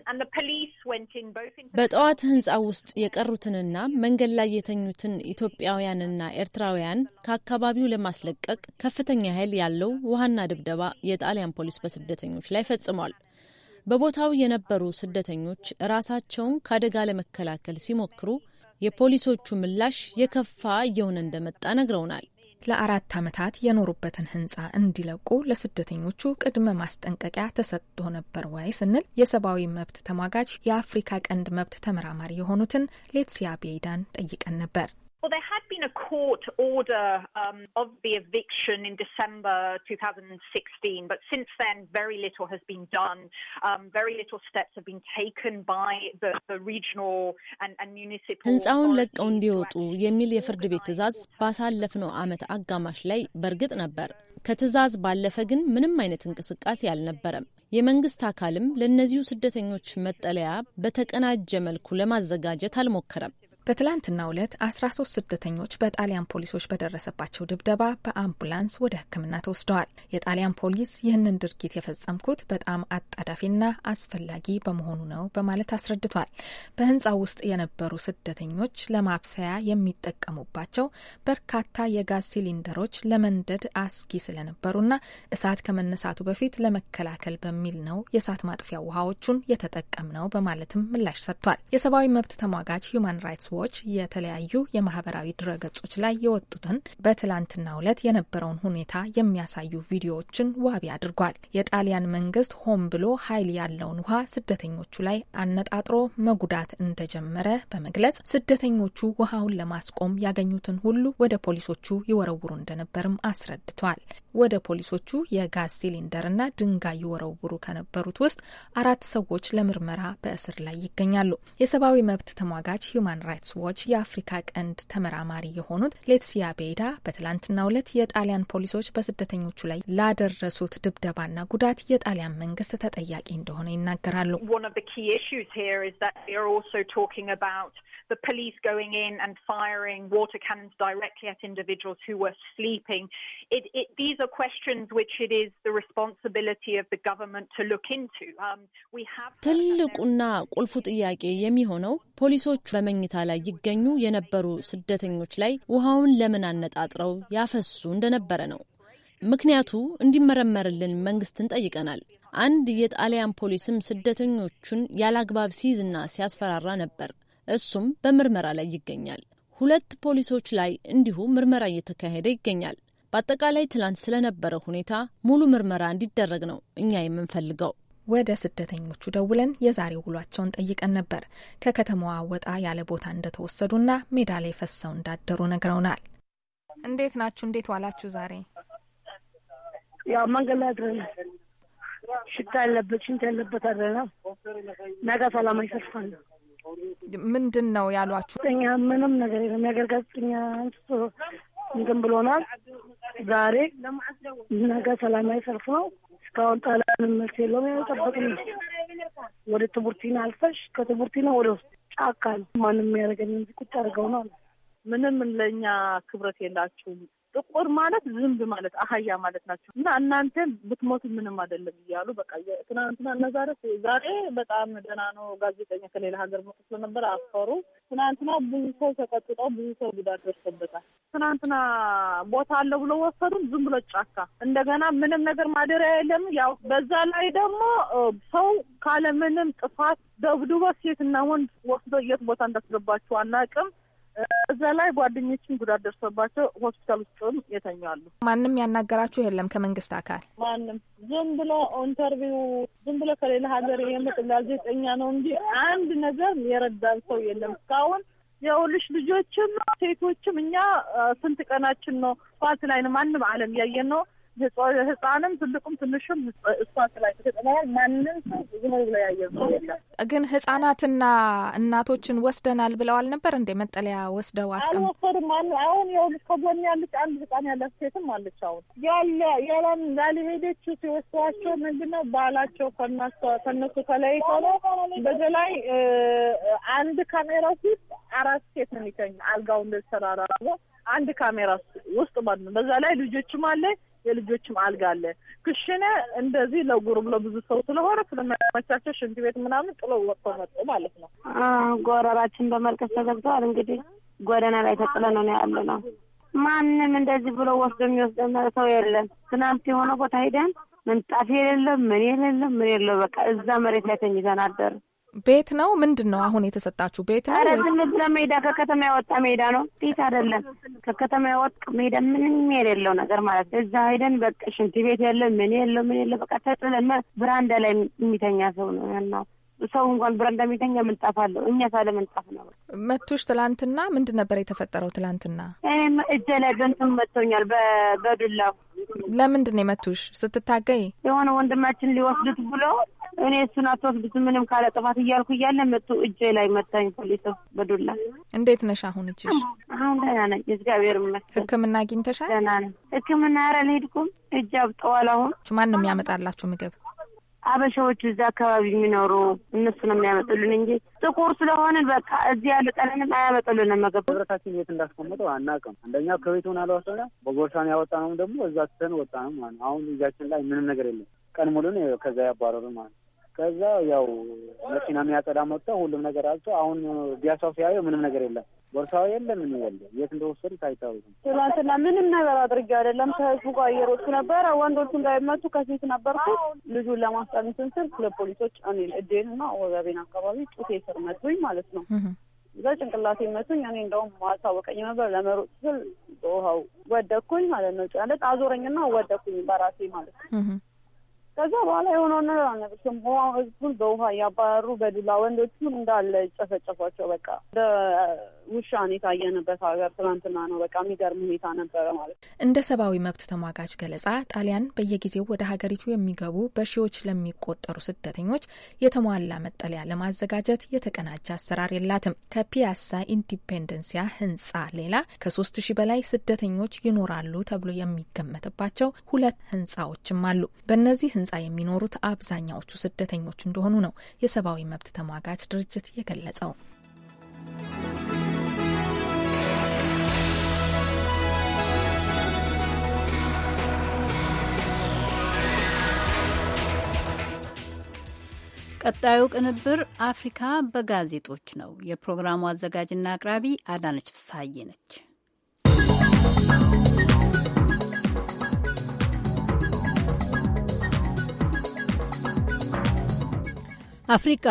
በጠዋት ህንፃ ውስጥ የቀሩትንና መንገድ ላይ የተኙትን ኢትዮጵያውያንና ኤርትራውያን ከአካባቢው ለማስለቀቅ ከፍተኛ ኃይል ያለው ውሃና ድብደባ የጣሊያን ፖሊስ በስደተኞች ላይ ፈጽሟል። በቦታው የነበሩ ስደተኞች ራሳቸውን ከአደጋ ለመከላከል ሲሞክሩ የፖሊሶቹ ምላሽ የከፋ እየሆነ እንደመጣ ነግረውናል። ለአራት ዓመታት የኖሩበትን ህንፃ እንዲለቁ ለስደተኞቹ ቅድመ ማስጠንቀቂያ ተሰጥቶ ነበር ወይ ስንል የሰብአዊ መብት ተሟጋች የአፍሪካ ቀንድ መብት ተመራማሪ የሆኑትን ሌትሲያ ቤይዳን ጠይቀን ነበር። Well, there had been a court order um, of the eviction in December 2016, but since then, very little has been done. Um, very little steps have been taken by the, the regional and, and municipal. ህንፃውን ለቀው እንዲወጡ የሚል የፍርድ ቤት ትዕዛዝ ባሳለፍነው ዓመት አጋማሽ ላይ በእርግጥ ነበር። ከትዕዛዝ ባለፈ ግን ምንም አይነት እንቅስቃሴ አልነበረም። የመንግስት አካልም ለእነዚሁ ስደተኞች መጠለያ በተቀናጀ መልኩ ለማዘጋጀት አልሞከረም። በትላንትናው ዕለት ሶስት ስደተኞች በጣሊያን ፖሊሶች በደረሰባቸው ድብደባ በአምቡላንስ ወደ ሕክምና ተወስደዋል። የጣሊያን ፖሊስ ይህንን ድርጊት የፈጸምኩት በጣም አጣዳፊና አስፈላጊ በመሆኑ ነው በማለት አስረድቷል። በህንፃው ውስጥ የነበሩ ስደተኞች ለማብሰያ የሚጠቀሙባቸው በርካታ የጋዝ ሲሊንደሮች ለመንደድ አስጊ ስለነበሩና እሳት ከመነሳቱ በፊት ለመከላከል በሚል ነው የእሳት ማጥፊያ ውሃዎቹን የተጠቀምነው በማለትም ምላሽ ሰጥቷል። የሰብአዊ መብት ተሟጋች ሁማን ራይትስ ሰዎች የተለያዩ የማህበራዊ ድረገጾች ላይ የወጡትን በትላንትናው ዕለት የነበረውን ሁኔታ የሚያሳዩ ቪዲዮዎችን ዋቢ አድርጓል። የጣሊያን መንግስት ሆን ብሎ ኃይል ያለውን ውሃ ስደተኞቹ ላይ አነጣጥሮ መጉዳት እንደጀመረ በመግለጽ ስደተኞቹ ውሃውን ለማስቆም ያገኙትን ሁሉ ወደ ፖሊሶቹ ይወረውሩ እንደነበርም አስረድቷል። ወደ ፖሊሶቹ የጋዝ ሲሊንደርና ድንጋይ ይወረውሩ ከነበሩት ውስጥ አራት ሰዎች ለምርመራ በእስር ላይ ይገኛሉ። የሰብአዊ መብት ተሟጋች ሂዩማን ራይትስ ራይትስ ዎች የአፍሪካ ቀንድ ተመራማሪ የሆኑት ሌትሲያ ቤዳ በትላንትናው ዕለት የጣሊያን ፖሊሶች በስደተኞቹ ላይ ላደረሱት ድብደባና ጉዳት የጣሊያን መንግስት ተጠያቂ እንደሆነ ይናገራሉ። the police going in and firing water cannons directly at individuals who were sleeping. It, it, these are questions which it is the responsibility of the government to look into. Um, we have ትልቁና ቁልፉ ጥያቄ የሚሆነው ፖሊሶች በመኝታ ላይ ይገኙ የነበሩ ስደተኞች ላይ ውሃውን ለምን አነጣጥረው ያፈሱ እንደነበረ ነው። ምክንያቱ እንዲመረመርልን መንግስትን ጠይቀናል። አንድ የጣሊያን ፖሊስም ስደተኞቹን ያለ አግባብ ሲይዝና ሲያስፈራራ ነበር። እሱም በምርመራ ላይ ይገኛል። ሁለት ፖሊሶች ላይ እንዲሁ ምርመራ እየተካሄደ ይገኛል። በአጠቃላይ ትላንት ስለነበረው ሁኔታ ሙሉ ምርመራ እንዲደረግ ነው እኛ የምንፈልገው። ወደ ስደተኞቹ ደውለን የዛሬ ውሏቸውን ጠይቀን ነበር። ከከተማዋ ወጣ ያለ ቦታ እንደተወሰዱና ሜዳ ላይ ፈሰው እንዳደሩ ነግረውናል። እንዴት ናችሁ? እንዴት ዋላችሁ? ዛሬ ያው መንገድ ላይ ሽታ ያለበት ሽንት ያለበት አድረና ነገ ሰላማዊ ሰልፍ ነው ምንድን ነው ያሏችሁ? እኛ ምንም ነገር የለም። የሀገር ጋዜጠኛ እንትን ብሎናል። ዛሬ ነገ ሰላማዊ ሰልፍ ነው። እስካሁን ጣልያንም መልስ የለውም። ያልጠበቅን ወደ ትቡርቲና አልፈሽ ከትቡርቲና ወደ ውስጥ ጫካል ማንም የሚያደርገን ቁጭ አድርገው ነው። ምንም ለእኛ ክብረት የላችሁም ጥቁር ማለት ዝንብ ማለት አህያ ማለት ናቸው እና እናንተ ብትሞት ምንም አይደለም እያሉ በቃ ትናንትና እነዛረት ዛሬ በጣም ደህና ነው። ጋዜጠኛ ከሌላ ሀገር መጥቶ ስለነበር አፈሩ። ትናንትና ብዙ ሰው ተቀጥጦ ብዙ ሰው ጉዳት ደርሶበታል። ትናንትና ቦታ አለው ብሎ ወሰዱን። ዝም ብሎ ጫካ እንደገና ምንም ነገር ማደሪያ የለም። ያው በዛ ላይ ደግሞ ሰው ካለምንም ጥፋት ደብድቦ ሴትና ወንድ ወስዶ የት ቦታ እንዳስገባቸው አናውቅም። እዛ ላይ ጓደኞችን ጉዳት ደርሶባቸው ሆስፒታል ውስጥም የተኛሉ። ማንም ያናገራችሁ የለም ከመንግስት አካል ማንም? ዝም ብሎ ኢንተርቪው ዝም ብሎ ከሌላ ሀገር የመጣ ጋዜጠኛ ነው እንጂ አንድ ነገር የረዳን ሰው የለም እስካሁን። የውልሽ ልጆችም ሴቶችም እኛ ስንት ቀናችን ነው? ኳስ ላይ ነው ማንም አለም ያየን ነው ህፃንም ትልቁም ትንሹም እሷት ላይ ተጠቅመዋል። ማንም ሰው ዝም ብሎ ያየ ሰው የለም። ግን ህጻናትና እናቶችን ወስደናል ብለዋል ነበር እንደ መጠለያ ወስደው አስቀም አልወሰድም አሉ። አሁን የሁልሽ ከጎን ያለች አንድ ህጻን ያላት ሴትም አለች። አሁን ያለ ያላም ያልሄደችው ሲወስዷቸው ምንድን ነው ባላቸው ከነሱ ተለይቶ ነው። በዚ ላይ አንድ ካሜራ ፊት አራት ሴት ነው የሚተኝ አልጋው እንደተሰራራ አንድ ካሜራ ውስጥ ማለት ነው። በዛ ላይ ልጆችም አለ የልጆችም አልጋ አለ። ክሽነ እንደዚህ ለጉሩብ ለብዙ ሰው ስለሆነ ስለማያመቻቸው ሽንት ቤት ምናምን ጥሎ ወጥቶ መጡ ማለት ነው። ጎረራችን በመልቀስ ተዘግተዋል። እንግዲህ ጎደና ላይ ተጥለ ነው ያለ ነው። ማንም እንደዚህ ብሎ ወስዶ የሚወስደን ሰው የለም። ትናንት የሆነ ቦታ ሄደን ምንጣፍ የሌለም ምን የሌለም ምን የለው በቃ እዛ መሬት ላይ ተኝተን አደር ቤት ነው ምንድን ነው? አሁን የተሰጣችሁ ቤት ነው? ኧረ ዝም ብሎ ሜዳ ከከተማ የወጣ ሜዳ ነው፣ ቤት አይደለም። ከከተማ የወጣ ሜዳ ምንም የሌለው ነገር ማለት ነው። እዛ ሄደን በቃ ሽንት ቤት የለም ምን የለው ምን የለው በቃ ተጥለን ብራንዳ ላይ የሚተኛ ሰው ነው ያናው ሰው እንኳን ብራ እንደሚተኛ ምንጣፍ አለው። እኛ ሳለ ምንጣፍ ነው። መቶሽ ትላንትና ምንድን ነበር የተፈጠረው? ትላንትና እጄ ላይ በእንትን መቶኛል፣ በዱላው። ለምንድን ነው የመቱሽ? ስትታገይ የሆነ ወንድማችን ሊወስዱት ብሎ እኔ እሱን አትወስዱት ምንም ካለ ጥፋት እያልኩ እያለ መጡ። እጄ ላይ መታኝ ፖሊስ በዱላ። እንዴት ነሽ አሁን? እጅሽ አሁን ደህና ነኝ፣ እግዚአብሔር ይመስገን። ሕክምና አግኝተሻል? ደህና ነኝ። ሕክምና ያረ አልሄድኩም። እጅ አብጠዋል። አሁን ማን ነው የሚያመጣላችሁ ምግብ? አበሻዎቹ እዛ አካባቢ የሚኖሩ እነሱ ነው የሚያመጡልን እንጂ ጥቁር ስለሆንን በቃ እዚህ ያለ ጠለንም አያመጡልንም። መገብ ንብረታችን የት እንዳስቀምጠው አናውቅም። አንደኛ ከቤቱን አልዋሰና በቦርሳን ያወጣ ነው ደግሞ እዛ ትተን ወጣ ነው ማለት አሁን እጃችን ላይ ምንም ነገር የለም። ቀን ሙሉን ከዛ ያባረሩ ማለት ከዛ ያው መኪና የሚያጸዳ መጥተው ሁሉም ነገር አልቶ አሁን ቢያሳው ሲያየው ምንም ነገር የለም። ቦርሳው የለም። ምን የለ የት እንደወሰዱ ታይታዊ። ትናንትና ምንም ነገር አድርጌ አይደለም። ከህዝቡ ጋር እየሮጥኩ ነበረ። ወንዶቹ እንዳይመቱ ከሴት ነበርኩ። ልጁን ለማስጣል እንትን ስል ሁለት ፖሊሶች እኔን እጄንና ወገቤን አካባቢ ጡቴ ስር መቱኝ ማለት ነው። እዛ ጭንቅላቴ መቱኝ። እኔ እንደውም አልታወቀኝ ነበር። ለመሮጥ ስል በውሃው ወደኩኝ ማለት ነው። ጫለት አዞረኝና ወደኩኝ በራሴ ማለት ነው። ከዛ በኋላ የሆነ ነገር አልነበርም። ህዝቡን በውሃ እያባረሩ በዱላ ወንዶቹን እንዳለ ጨፈጨፏቸው። በቃ እንደ ውሻን የታየንበት ሀገር ትናንትና ነው። በቃ የሚገርም ሁኔታ ነበረ ማለት ነው። እንደ ሰብአዊ መብት ተሟጋች ገለጻ ጣሊያን በየጊዜው ወደ ሀገሪቱ የሚገቡ በሺዎች ለሚቆጠሩ ስደተኞች የተሟላ መጠለያ ለማዘጋጀት የተቀናጀ አሰራር የላትም። ከፒያሳ ኢንዲፔንደንሲያ ህንጻ ሌላ ከሶስት ሺህ በላይ ስደተኞች ይኖራሉ ተብሎ የሚገመትባቸው ሁለት ህንጻዎችም አሉ። በእነዚህ ህንፃ የሚኖሩት አብዛኛዎቹ ስደተኞች እንደሆኑ ነው የሰብአዊ መብት ተሟጋች ድርጅት የገለጸው። ቀጣዩ ቅንብር አፍሪካ በጋዜጦች ነው። የፕሮግራሙ አዘጋጅና አቅራቢ አዳነች ፍሳዬ ነች። አፍሪቃ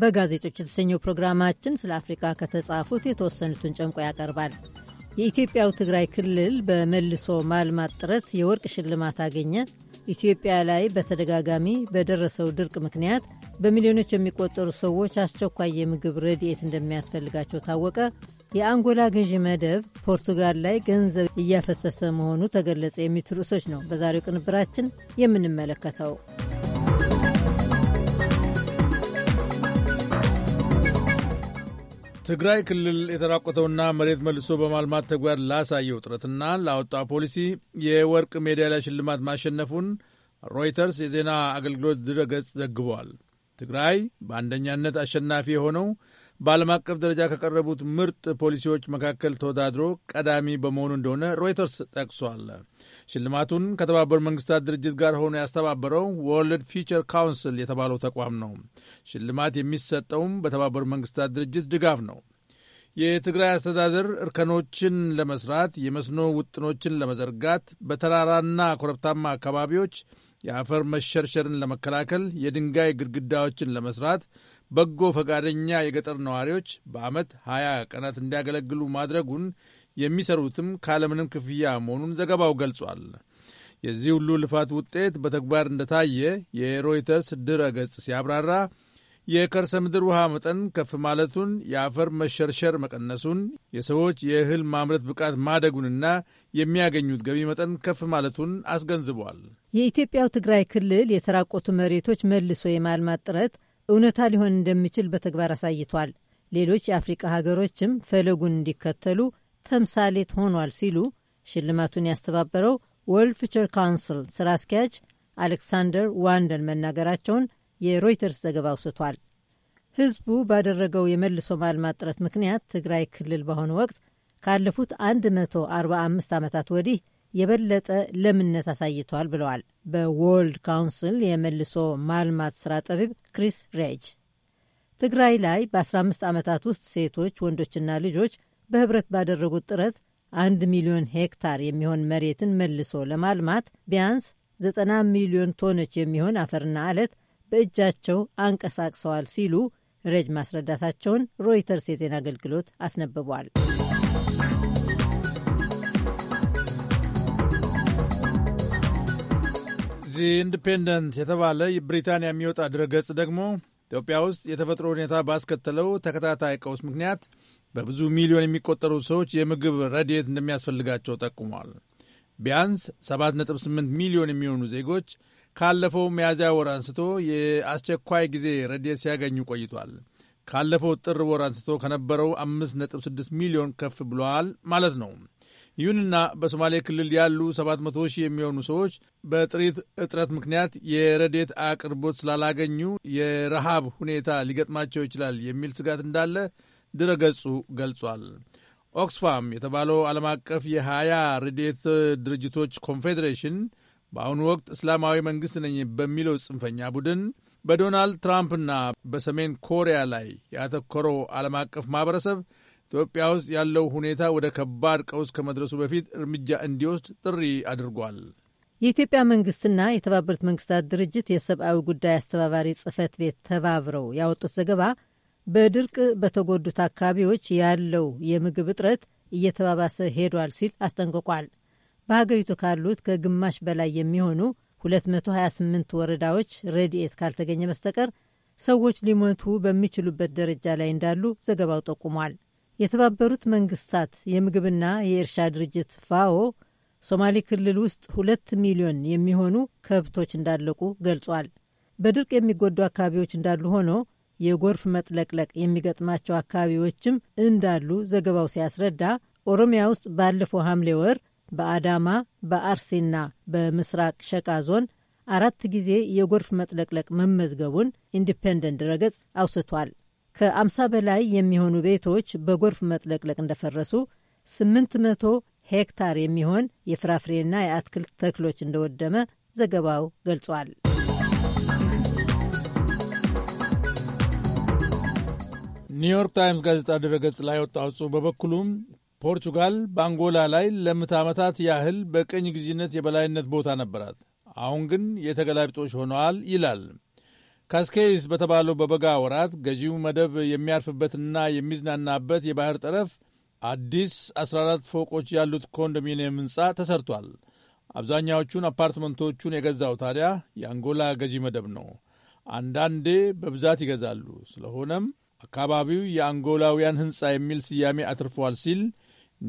በጋዜጦች የተሰኘው ፕሮግራማችን ስለ አፍሪካ ከተጻፉት የተወሰኑትን ጨምቆ ያቀርባል። የኢትዮጵያው ትግራይ ክልል በመልሶ ማልማት ጥረት የወርቅ ሽልማት አገኘ፣ ኢትዮጵያ ላይ በተደጋጋሚ በደረሰው ድርቅ ምክንያት በሚሊዮኖች የሚቆጠሩ ሰዎች አስቸኳይ የምግብ ረድኤት እንደሚያስፈልጋቸው ታወቀ፣ የአንጎላ ገዢ መደብ ፖርቱጋል ላይ ገንዘብ እያፈሰሰ መሆኑ ተገለጸ፣ የሚሉት ርዕሶች ነው በዛሬው ቅንብራችን የምንመለከተው። ትግራይ ክልል የተራቆተውና መሬት መልሶ በማልማት ተግባር ላሳየው ጥረትና ላወጣው ፖሊሲ የወርቅ ሜዳሊያ ሽልማት ማሸነፉን ሮይተርስ የዜና አገልግሎት ድረገጽ ዘግቧል። ትግራይ በአንደኛነት አሸናፊ የሆነው በዓለም አቀፍ ደረጃ ከቀረቡት ምርጥ ፖሊሲዎች መካከል ተወዳድሮ ቀዳሚ በመሆኑ እንደሆነ ሮይተርስ ጠቅሷል። ሽልማቱን ከተባበሩ መንግስታት ድርጅት ጋር ሆኖ ያስተባበረው ወርልድ ፊቸር ካውንስል የተባለው ተቋም ነው። ሽልማት የሚሰጠውም በተባበሩ መንግስታት ድርጅት ድጋፍ ነው። የትግራይ አስተዳደር እርከኖችን ለመስራት፣ የመስኖ ውጥኖችን ለመዘርጋት፣ በተራራና ኮረብታማ አካባቢዎች የአፈር መሸርሸርን ለመከላከል፣ የድንጋይ ግድግዳዎችን ለመስራት፣ በጎ ፈቃደኛ የገጠር ነዋሪዎች በዓመት 20 ቀናት እንዲያገለግሉ ማድረጉን የሚሰሩትም ካለምንም ክፍያ መሆኑን ዘገባው ገልጿል። የዚህ ሁሉ ልፋት ውጤት በተግባር እንደታየ የሮይተርስ ድረ ገጽ ሲያብራራ የከርሰ ምድር ውሃ መጠን ከፍ ማለቱን፣ የአፈር መሸርሸር መቀነሱን፣ የሰዎች የእህል ማምረት ብቃት ማደጉንና የሚያገኙት ገቢ መጠን ከፍ ማለቱን አስገንዝቧል። የኢትዮጵያው ትግራይ ክልል የተራቆቱ መሬቶች መልሶ የማልማት ጥረት እውነታ ሊሆን እንደሚችል በተግባር አሳይቷል። ሌሎች የአፍሪቃ ሀገሮችም ፈለጉን እንዲከተሉ ተምሳሌት ሆኗል ሲሉ ሽልማቱን ያስተባበረው ወርልድ ፊቸር ካውንስል ስራ አስኪያጅ አሌክሳንደር ዋንደን መናገራቸውን የሮይተርስ ዘገባ አውስቷል። ህዝቡ ባደረገው የመልሶ ማልማት ጥረት ምክንያት ትግራይ ክልል በአሁኑ ወቅት ካለፉት 145 ዓመታት ወዲህ የበለጠ ለምነት አሳይቷል ብለዋል በወርልድ ካውንስል የመልሶ ማልማት ስራ ጠቢብ ክሪስ ሬጅ። ትግራይ ላይ በ15 ዓመታት ውስጥ ሴቶች ወንዶችና ልጆች በህብረት ባደረጉት ጥረት አንድ ሚሊዮን ሄክታር የሚሆን መሬትን መልሶ ለማልማት ቢያንስ 90 ሚሊዮን ቶኖች የሚሆን አፈርና አለት በእጃቸው አንቀሳቅሰዋል ሲሉ ረጅ ማስረዳታቸውን ሮይተርስ የዜና አገልግሎት አስነብቧል። ኢንዲፔንደንት የተባለ ብሪታንያ የሚወጣ ድረገጽ ደግሞ ኢትዮጵያ ውስጥ የተፈጥሮ ሁኔታ ባስከተለው ተከታታይ ቀውስ ምክንያት በብዙ ሚሊዮን የሚቆጠሩ ሰዎች የምግብ ረድኤት እንደሚያስፈልጋቸው ጠቁሟል። ቢያንስ 7.8 ሚሊዮን የሚሆኑ ዜጎች ካለፈው ሚያዝያ ወር አንስቶ የአስቸኳይ ጊዜ ረድኤት ሲያገኙ ቆይቷል። ካለፈው ጥር ወር አንስቶ ከነበረው 5.6 ሚሊዮን ከፍ ብሏል ማለት ነው። ይሁንና በሶማሌ ክልል ያሉ 700 ሺህ የሚሆኑ ሰዎች በጥሪት እጥረት ምክንያት የረዴት አቅርቦት ስላላገኙ የረሃብ ሁኔታ ሊገጥማቸው ይችላል የሚል ስጋት እንዳለ ድረገጹ ገልጿል። ኦክስፋም የተባለው ዓለም አቀፍ የ20 ረዴት ድርጅቶች ኮንፌዴሬሽን በአሁኑ ወቅት እስላማዊ መንግሥት ነኝ በሚለው ጽንፈኛ ቡድን በዶናልድ ትራምፕና በሰሜን ኮሪያ ላይ ያተኮረው ዓለም አቀፍ ማኅበረሰብ ኢትዮጵያ ውስጥ ያለው ሁኔታ ወደ ከባድ ቀውስ ከመድረሱ በፊት እርምጃ እንዲወስድ ጥሪ አድርጓል። የኢትዮጵያ መንግስትና የተባበሩት መንግስታት ድርጅት የሰብአዊ ጉዳይ አስተባባሪ ጽህፈት ቤት ተባብረው ያወጡት ዘገባ በድርቅ በተጎዱት አካባቢዎች ያለው የምግብ እጥረት እየተባባሰ ሄዷል ሲል አስጠንቅቋል። በሀገሪቱ ካሉት ከግማሽ በላይ የሚሆኑ 228 ወረዳዎች ረድኤት ካልተገኘ በስተቀር ሰዎች ሊሞቱ በሚችሉበት ደረጃ ላይ እንዳሉ ዘገባው ጠቁሟል። የተባበሩት መንግስታት የምግብና የእርሻ ድርጅት ፋኦ ሶማሌ ክልል ውስጥ ሁለት ሚሊዮን የሚሆኑ ከብቶች እንዳለቁ ገልጿል። በድርቅ የሚጎዱ አካባቢዎች እንዳሉ ሆኖ የጎርፍ መጥለቅለቅ የሚገጥማቸው አካባቢዎችም እንዳሉ ዘገባው ሲያስረዳ ኦሮሚያ ውስጥ ባለፈው ሐምሌ ወር በአዳማ በአርሴና በምስራቅ ሸቃ ዞን አራት ጊዜ የጎርፍ መጥለቅለቅ መመዝገቡን ኢንዲፔንደንት ድረገጽ አውስቷል። ከ50 በላይ የሚሆኑ ቤቶች በጎርፍ መጥለቅለቅ እንደፈረሱ፣ 800 ሄክታር የሚሆን የፍራፍሬና የአትክልት ተክሎች እንደወደመ ዘገባው ገልጿል። ኒውዮርክ ታይምስ ጋዜጣ ድረገጽ ላይ ወጣው ጽሑፍ በበኩሉም ፖርቹጋል በአንጎላ ላይ ለምት ዓመታት ያህል በቅኝ ግዢነት የበላይነት ቦታ ነበራት፣ አሁን ግን የተገላቢጦች ሆነዋል ይላል። ካስኬይስ በተባለው በበጋ ወራት ገዢው መደብ የሚያርፍበትና የሚዝናናበት የባህር ጠረፍ አዲስ 14 ፎቆች ያሉት ኮንዶሚኒየም ሕንፃ ተሰርቷል። አብዛኛዎቹን አፓርትመንቶቹን የገዛው ታዲያ የአንጎላ ገዢ መደብ ነው። አንዳንዴ በብዛት ይገዛሉ። ስለሆነም አካባቢው የአንጎላውያን ሕንፃ የሚል ስያሜ አትርፏል ሲል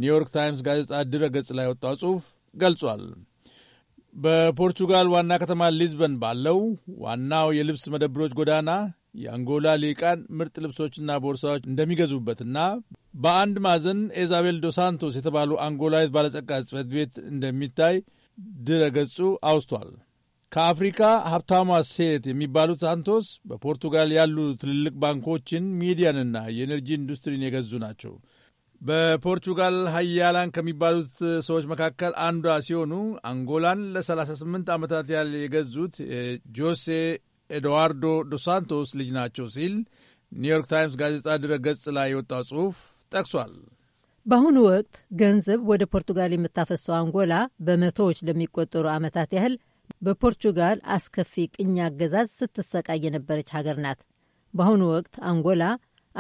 ኒውዮርክ ታይምስ ጋዜጣ ድረ ገጽ ላይ ወጣው ጽሑፍ ገልጿል። በፖርቱጋል ዋና ከተማ ሊዝበን ባለው ዋናው የልብስ መደብሮች ጎዳና የአንጎላ ሊቃን ምርጥ ልብሶችና ቦርሳዎች እንደሚገዙበትና በአንድ ማዕዘን ኤዛቤል ዶ ሳንቶስ የተባሉ አንጎላዊት ባለጸጋ ጽሕፈት ቤት እንደሚታይ ድረ ገጹ አውስቷል። ከአፍሪካ ሀብታሟ ሴት የሚባሉት ሳንቶስ በፖርቱጋል ያሉ ትልልቅ ባንኮችን፣ ሚዲያንና የኤነርጂ ኢንዱስትሪን የገዙ ናቸው። በፖርቹጋል ሀያላን ከሚባሉት ሰዎች መካከል አንዷ ሲሆኑ አንጎላን ለ38 ዓመታት ያህል የገዙት ጆሴ ኤድዋርዶ ዶሳንቶስ ልጅ ናቸው ሲል ኒውዮርክ ታይምስ ጋዜጣ ድረ ገጽ ላይ የወጣው ጽሑፍ ጠቅሷል። በአሁኑ ወቅት ገንዘብ ወደ ፖርቱጋል የምታፈሰው አንጎላ በመቶዎች ለሚቆጠሩ ዓመታት ያህል በፖርቹጋል አስከፊ ቅኝ አገዛዝ ስትሰቃይ የነበረች ሀገር ናት። በአሁኑ ወቅት አንጎላ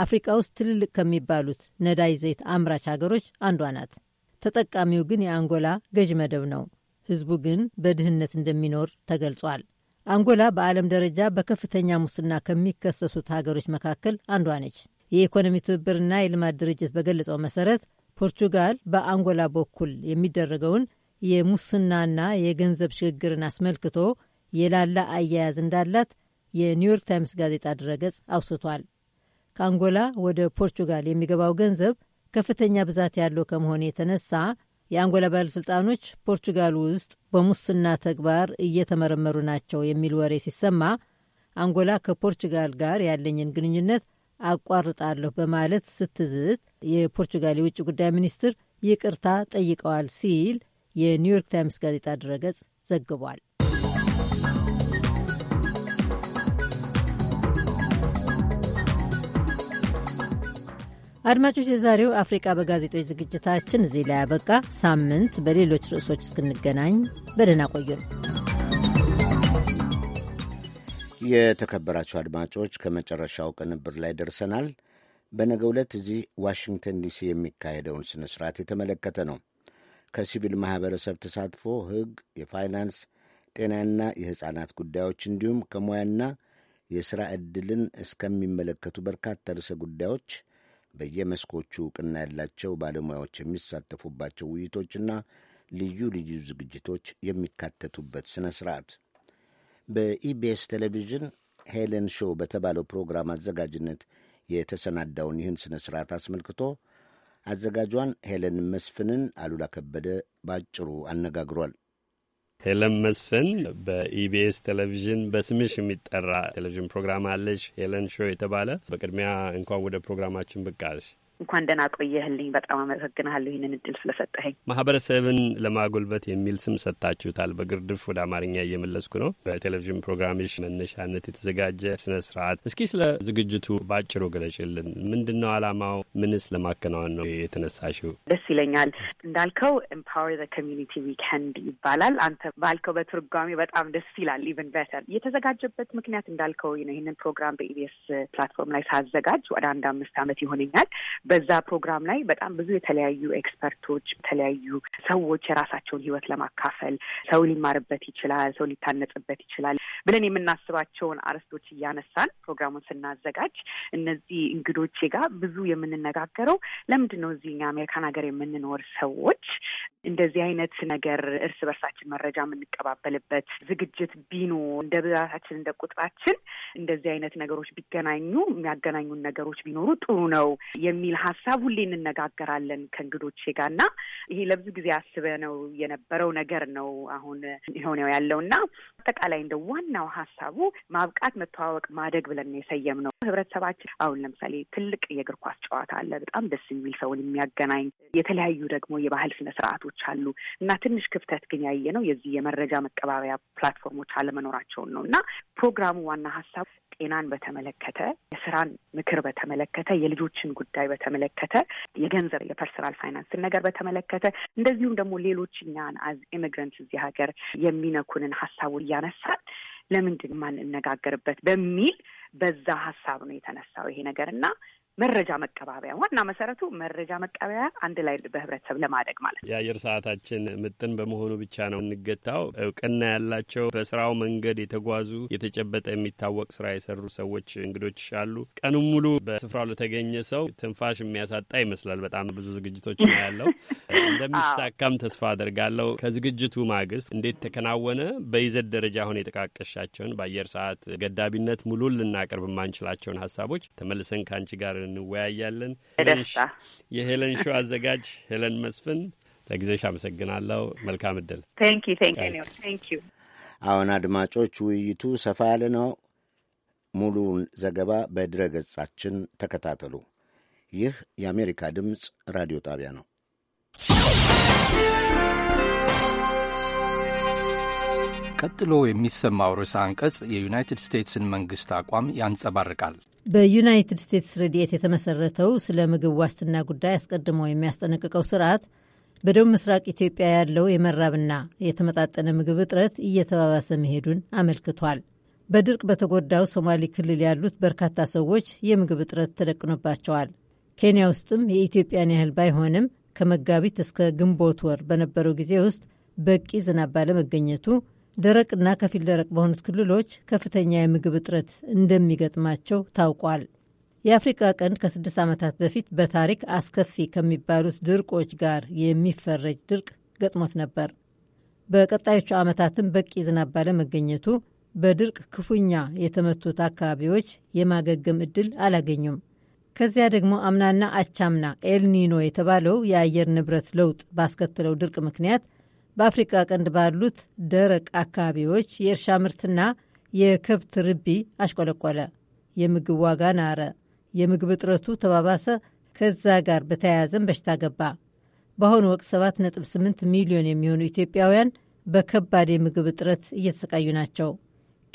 አፍሪቃ ውስጥ ትልልቅ ከሚባሉት ነዳጅ ዘይት አምራች ሀገሮች አንዷ ናት። ተጠቃሚው ግን የአንጎላ ገዥ መደብ ነው። ህዝቡ ግን በድህነት እንደሚኖር ተገልጿል። አንጎላ በዓለም ደረጃ በከፍተኛ ሙስና ከሚከሰሱት ሀገሮች መካከል አንዷ ነች። የኢኮኖሚ ትብብርና የልማት ድርጅት በገለጸው መሰረት ፖርቹጋል በአንጎላ በኩል የሚደረገውን የሙስናና የገንዘብ ሽግግርን አስመልክቶ የላላ አያያዝ እንዳላት የኒውዮርክ ታይምስ ጋዜጣ ድረገጽ አውስቷል። ከአንጎላ ወደ ፖርቹጋል የሚገባው ገንዘብ ከፍተኛ ብዛት ያለው ከመሆኑ የተነሳ የአንጎላ ባለሥልጣኖች ፖርቹጋል ውስጥ በሙስና ተግባር እየተመረመሩ ናቸው የሚል ወሬ ሲሰማ አንጎላ ከፖርቹጋል ጋር ያለኝን ግንኙነት አቋርጣለሁ በማለት ስትዝት የፖርቹጋል የውጭ ጉዳይ ሚኒስትር ይቅርታ ጠይቀዋል ሲል የኒውዮርክ ታይምስ ጋዜጣ ድረገጽ ዘግቧል። አድማጮች፣ የዛሬው አፍሪቃ በጋዜጦች ዝግጅታችን እዚህ ላይ ያበቃ። ሳምንት በሌሎች ርዕሶች እስክንገናኝ በደህና ቆዩ። የተከበራቸው አድማጮች፣ ከመጨረሻው ቅንብር ላይ ደርሰናል። በነገ ዕለት እዚህ ዋሽንግተን ዲሲ የሚካሄደውን ስነ ስርዓት የተመለከተ ነው። ከሲቪል ማኅበረሰብ ተሳትፎ ሕግ፣ የፋይናንስ ጤናና የሕፃናት ጉዳዮች እንዲሁም ከሙያና የሥራ ዕድልን እስከሚመለከቱ በርካታ ርዕሰ ጉዳዮች በየመስኮቹ እውቅና ያላቸው ባለሙያዎች የሚሳተፉባቸው ውይይቶችና ልዩ ልዩ ዝግጅቶች የሚካተቱበት ሥነ ሥርዓት በኢቢኤስ ቴሌቪዥን ሄለን ሾው በተባለው ፕሮግራም አዘጋጅነት የተሰናዳውን ይህን ሥነ ሥርዓት አስመልክቶ አዘጋጇን ሄለን መስፍንን አሉላ ከበደ ባጭሩ አነጋግሯል። ሄለን መስፍን በኢቢኤስ ቴሌቪዥን በስምሽ የሚጠራ ቴሌቪዥን ፕሮግራም አለሽ፣ ሄለን ሾው የተባለ። በቅድሚያ እንኳን ወደ ፕሮግራማችን ብቅ እንኳን ደህና ቆየህልኝ። በጣም አመሰግናለሁ ይህንን እድል ስለሰጠኸኝ። ማህበረሰብን ለማጎልበት የሚል ስም ሰጥታችሁታል። በግርድፍ ወደ አማርኛ እየመለስኩ ነው። በቴሌቪዥን ፕሮግራምሽ መነሻነት የተዘጋጀ ስነ ስርዓት። እስኪ ስለ ዝግጅቱ ባጭሩ ገለጭልን። ምንድን ነው አላማው? ምንስ ለማከናወን ነው የተነሳሽው? ደስ ይለኛል። እንዳልከው ኤምፓወር ዘ ኮሚኒቲ ዊክንድ ይባላል። አንተ ባልከው በትርጓሜ በጣም ደስ ይላል። ኢቨን በተር የተዘጋጀበት ምክንያት እንዳልከው ይህንን ፕሮግራም በኢቢኤስ ፕላትፎርም ላይ ሳዘጋጅ ወደ አንድ አምስት ዓመት ይሆነኛል። በዛ ፕሮግራም ላይ በጣም ብዙ የተለያዩ ኤክስፐርቶች፣ የተለያዩ ሰዎች የራሳቸውን ህይወት ለማካፈል ሰው ሊማርበት ይችላል፣ ሰው ሊታነጽበት ይችላል ብለን የምናስባቸውን አርዕስቶች እያነሳን ፕሮግራሙን ስናዘጋጅ እነዚህ እንግዶቼ ጋር ብዙ የምንነጋገረው ለምንድን ነው እዚህ አሜሪካን ሀገር የምንኖር ሰዎች እንደዚህ አይነት ነገር እርስ በርሳችን መረጃ የምንቀባበልበት ዝግጅት ቢኖር እንደ ብዛታችን እንደ ቁጥራችን እንደዚህ አይነት ነገሮች ቢገናኙ የሚያገናኙን ነገሮች ቢኖሩ ጥሩ ነው የሚል ሀሳብ ሁሌ እንነጋገራለን ከእንግዶቼ ጋር እና ይሄ ለብዙ ጊዜ አስበነው የነበረው ነገር ነው አሁን የሆነው ያለው እና አጠቃላይ እንደ ዋናው ሀሳቡ ማብቃት፣ መተዋወቅ፣ ማደግ ብለን የሰየም ነው። ህብረተሰባችን አሁን ለምሳሌ ትልቅ የእግር ኳስ ጨዋታ አለ፣ በጣም ደስ የሚል ሰውን የሚያገናኝ የተለያዩ ደግሞ የባህል ስነ ስርዓቶች አሉ እና ትንሽ ክፍተት ግን ያየ ነው የዚህ የመረጃ መቀባበያ ፕላትፎርሞች አለመኖራቸውን ነው እና ፕሮግራሙ ዋና ሀሳብ ጤናን በተመለከተ፣ የስራን ምክር በተመለከተ፣ የልጆችን ጉዳይ በተመለከተ፣ የገንዘብ የፐርሰናል ፋይናንስን ነገር በተመለከተ እንደዚሁም ደግሞ ሌሎች እኛን አዝ ኢሚግረንት እዚህ ሀገር የሚነኩንን ሀሳቡ እያነሳን ለምንድን ማንነጋገርበት በሚል በዛ ሀሳብ ነው የተነሳው ይሄ ነገር እና መረጃ መቀባበያ ዋና መሰረቱ መረጃ መቀበያ አንድ ላይ በህብረተሰብ ለማደግ ማለት ነው። የአየር ሰዓታችን ምጥን በመሆኑ ብቻ ነው እንገታው። እውቅና ያላቸው በስራው መንገድ የተጓዙ የተጨበጠ የሚታወቅ ስራ የሰሩ ሰዎች እንግዶች አሉ። ቀኑን ሙሉ በስፍራው ለተገኘ ሰው ትንፋሽ የሚያሳጣ ይመስላል። በጣም ብዙ ዝግጅቶች ነው ያለው። እንደሚሳካም ተስፋ አደርጋለሁ። ከዝግጅቱ ማግስት እንዴት ተከናወነ? በይዘት ደረጃ አሁን የጠቃቀሻቸውን በአየር ሰዓት ገዳቢነት ሙሉን ልናቀርብ የማንችላቸውን ሀሳቦች ተመልሰን ከአንቺ ጋር አብረን እንወያያለን። የሄለን ሾ አዘጋጅ ሄለን መስፍን፣ ለጊዜሽ አመሰግናለሁ። መልካም እድል። አሁን አድማጮች፣ ውይይቱ ሰፋ ያለ ነው። ሙሉውን ዘገባ በድረ ገጻችን ተከታተሉ። ይህ የአሜሪካ ድምፅ ራዲዮ ጣቢያ ነው። ቀጥሎ የሚሰማው ርዕሰ አንቀጽ የዩናይትድ ስቴትስን መንግሥት አቋም ያንጸባርቃል። በዩናይትድ ስቴትስ ረድኤት የተመሰረተው ስለ ምግብ ዋስትና ጉዳይ አስቀድሞ የሚያስጠነቅቀው ስርዓት በደቡብ ምስራቅ ኢትዮጵያ ያለው የመራብና የተመጣጠነ ምግብ እጥረት እየተባባሰ መሄዱን አመልክቷል። በድርቅ በተጎዳው ሶማሌ ክልል ያሉት በርካታ ሰዎች የምግብ እጥረት ተደቅኖባቸዋል። ኬንያ ውስጥም የኢትዮጵያን ያህል ባይሆንም ከመጋቢት እስከ ግንቦት ወር በነበረው ጊዜ ውስጥ በቂ ዝናብ ባለመገኘቱ ደረቅና ከፊል ደረቅ በሆኑት ክልሎች ከፍተኛ የምግብ እጥረት እንደሚገጥማቸው ታውቋል። የአፍሪቃ ቀንድ ከስድስት ዓመታት በፊት በታሪክ አስከፊ ከሚባሉት ድርቆች ጋር የሚፈረጅ ድርቅ ገጥሞት ነበር። በቀጣዮቹ ዓመታትም በቂ ዝናብ ባለመገኘቱ በድርቅ ክፉኛ የተመቱት አካባቢዎች የማገገም እድል አላገኙም። ከዚያ ደግሞ አምናና አቻምና ኤልኒኖ የተባለው የአየር ንብረት ለውጥ ባስከተለው ድርቅ ምክንያት በአፍሪቃ ቀንድ ባሉት ደረቅ አካባቢዎች የእርሻ ምርትና የከብት ርቢ አሽቆለቆለ፣ የምግብ ዋጋ ናረ፣ የምግብ እጥረቱ ተባባሰ፣ ከዛ ጋር በተያያዘም በሽታ ገባ። በአሁኑ ወቅት 7.8 ሚሊዮን የሚሆኑ ኢትዮጵያውያን በከባድ የምግብ እጥረት እየተሰቃዩ ናቸው።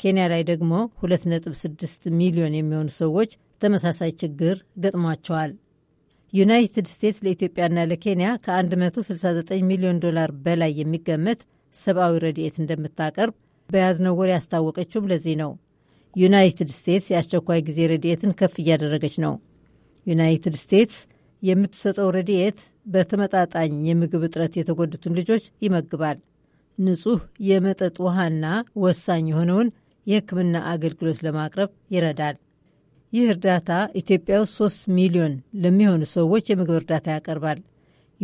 ኬንያ ላይ ደግሞ 2.6 ሚሊዮን የሚሆኑ ሰዎች ተመሳሳይ ችግር ገጥሟቸዋል። ዩናይትድ ስቴትስ ለኢትዮጵያና ለኬንያ ከ169 ሚሊዮን ዶላር በላይ የሚገመት ሰብአዊ ረድኤት እንደምታቀርብ በያዝነው ወር ያስታወቀችውም ለዚህ ነው። ዩናይትድ ስቴትስ የአስቸኳይ ጊዜ ረድኤትን ከፍ እያደረገች ነው። ዩናይትድ ስቴትስ የምትሰጠው ረድኤት በተመጣጣኝ የምግብ እጥረት የተጎዱትን ልጆች ይመግባል፣ ንጹህ የመጠጥ ውሃና ወሳኝ የሆነውን የሕክምና አገልግሎት ለማቅረብ ይረዳል። ይህ እርዳታ ኢትዮጵያ ውስጥ 3 ሚሊዮን ለሚሆኑ ሰዎች የምግብ እርዳታ ያቀርባል።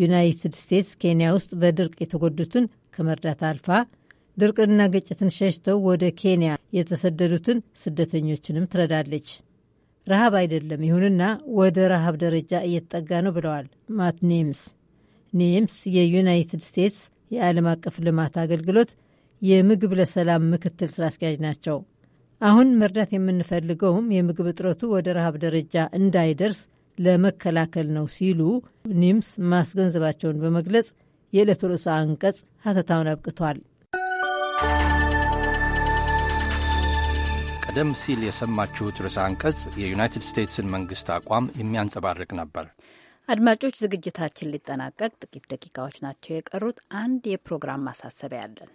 ዩናይትድ ስቴትስ ኬንያ ውስጥ በድርቅ የተጎዱትን ከመርዳት አልፋ ድርቅንና ግጭትን ሸሽተው ወደ ኬንያ የተሰደዱትን ስደተኞችንም ትረዳለች። ረሃብ አይደለም፣ ይሁንና ወደ ረሃብ ደረጃ እየተጠጋ ነው ብለዋል ማት ኔምስ። ኔምስ የዩናይትድ ስቴትስ የዓለም አቀፍ ልማት አገልግሎት የምግብ ለሰላም ምክትል ስራ አስኪያጅ ናቸው። አሁን መርዳት የምንፈልገውም የምግብ እጥረቱ ወደ ረሃብ ደረጃ እንዳይደርስ ለመከላከል ነው ሲሉ ኒምስ ማስገንዘባቸውን በመግለጽ የዕለቱ ርዕሰ አንቀጽ ሀተታውን አብቅቷል። ቀደም ሲል የሰማችሁት ርዕሰ አንቀጽ የዩናይትድ ስቴትስን መንግስት አቋም የሚያንጸባርቅ ነበር። አድማጮች፣ ዝግጅታችን ሊጠናቀቅ ጥቂት ደቂቃዎች ናቸው የቀሩት። አንድ የፕሮግራም ማሳሰቢያ አለን።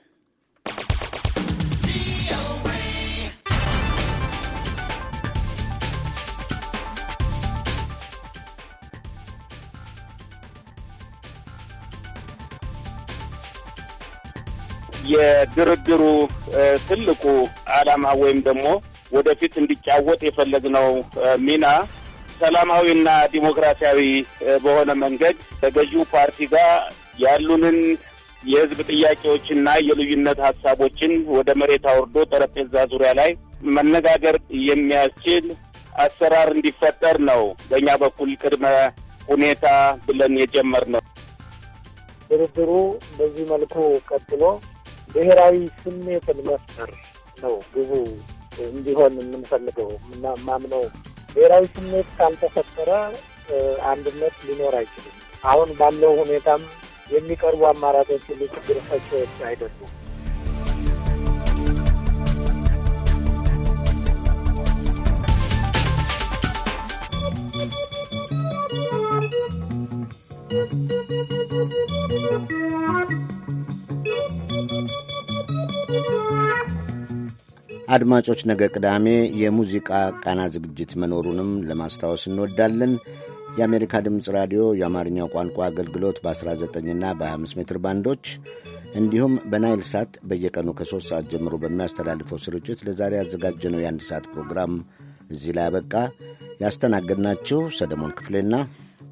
የድርድሩ ትልቁ ዓላማ ወይም ደግሞ ወደፊት እንዲጫወት የፈለግነው ሚና ሰላማዊና ዲሞክራሲያዊ በሆነ መንገድ ከገዢው ፓርቲ ጋር ያሉንን የህዝብ ጥያቄዎችና የልዩነት ሀሳቦችን ወደ መሬት አውርዶ ጠረጴዛ ዙሪያ ላይ መነጋገር የሚያስችል አሰራር እንዲፈጠር ነው በእኛ በኩል ቅድመ ሁኔታ ብለን የጀመርነው። ድርድሩ በዚህ መልኩ ቀጥሎ ብሔራዊ ስሜትን መፍጠር ነው ግቡ እንዲሆን የምንፈልገው እና ማምነው ብሔራዊ ስሜት ካልተፈጠረ አንድነት ሊኖር አይችልም። አሁን ባለው ሁኔታም የሚቀርቡ አማራጮች ሁሉ ችግር ፈቺዎች አይደሉም። Thank you. አድማጮች ነገ ቅዳሜ የሙዚቃ ቃና ዝግጅት መኖሩንም ለማስታወስ እንወዳለን። የአሜሪካ ድምፅ ራዲዮ የአማርኛው ቋንቋ አገልግሎት በ19ና በ25 ሜትር ባንዶች እንዲሁም በናይል ሳት በየቀኑ ከሶስት ሰዓት ጀምሮ በሚያስተላልፈው ስርጭት ለዛሬ ያዘጋጀነው የአንድ ሰዓት ፕሮግራም እዚህ ላይ አበቃ። ያስተናገድናችሁ ሰለሞን ክፍሌና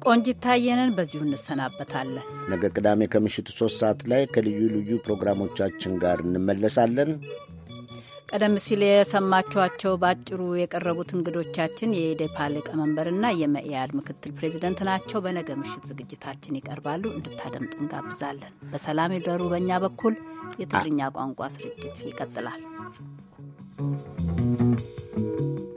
ቆንጂት ታየንን በዚሁ እንሰናበታለን። ነገ ቅዳሜ ከምሽቱ ሶስት ሰዓት ላይ ከልዩ ልዩ ፕሮግራሞቻችን ጋር እንመለሳለን። ቀደም ሲል የሰማችኋቸው በአጭሩ የቀረቡት እንግዶቻችን የኢዴፓ ሊቀመንበርና የመኢአድ ምክትል ፕሬዚደንት ናቸው። በነገ ምሽት ዝግጅታችን ይቀርባሉ፣ እንድታደምጡ እንጋብዛለን። በሰላም ይደሩ። በእኛ በኩል የትግርኛ ቋንቋ ስርጭት ይቀጥላል።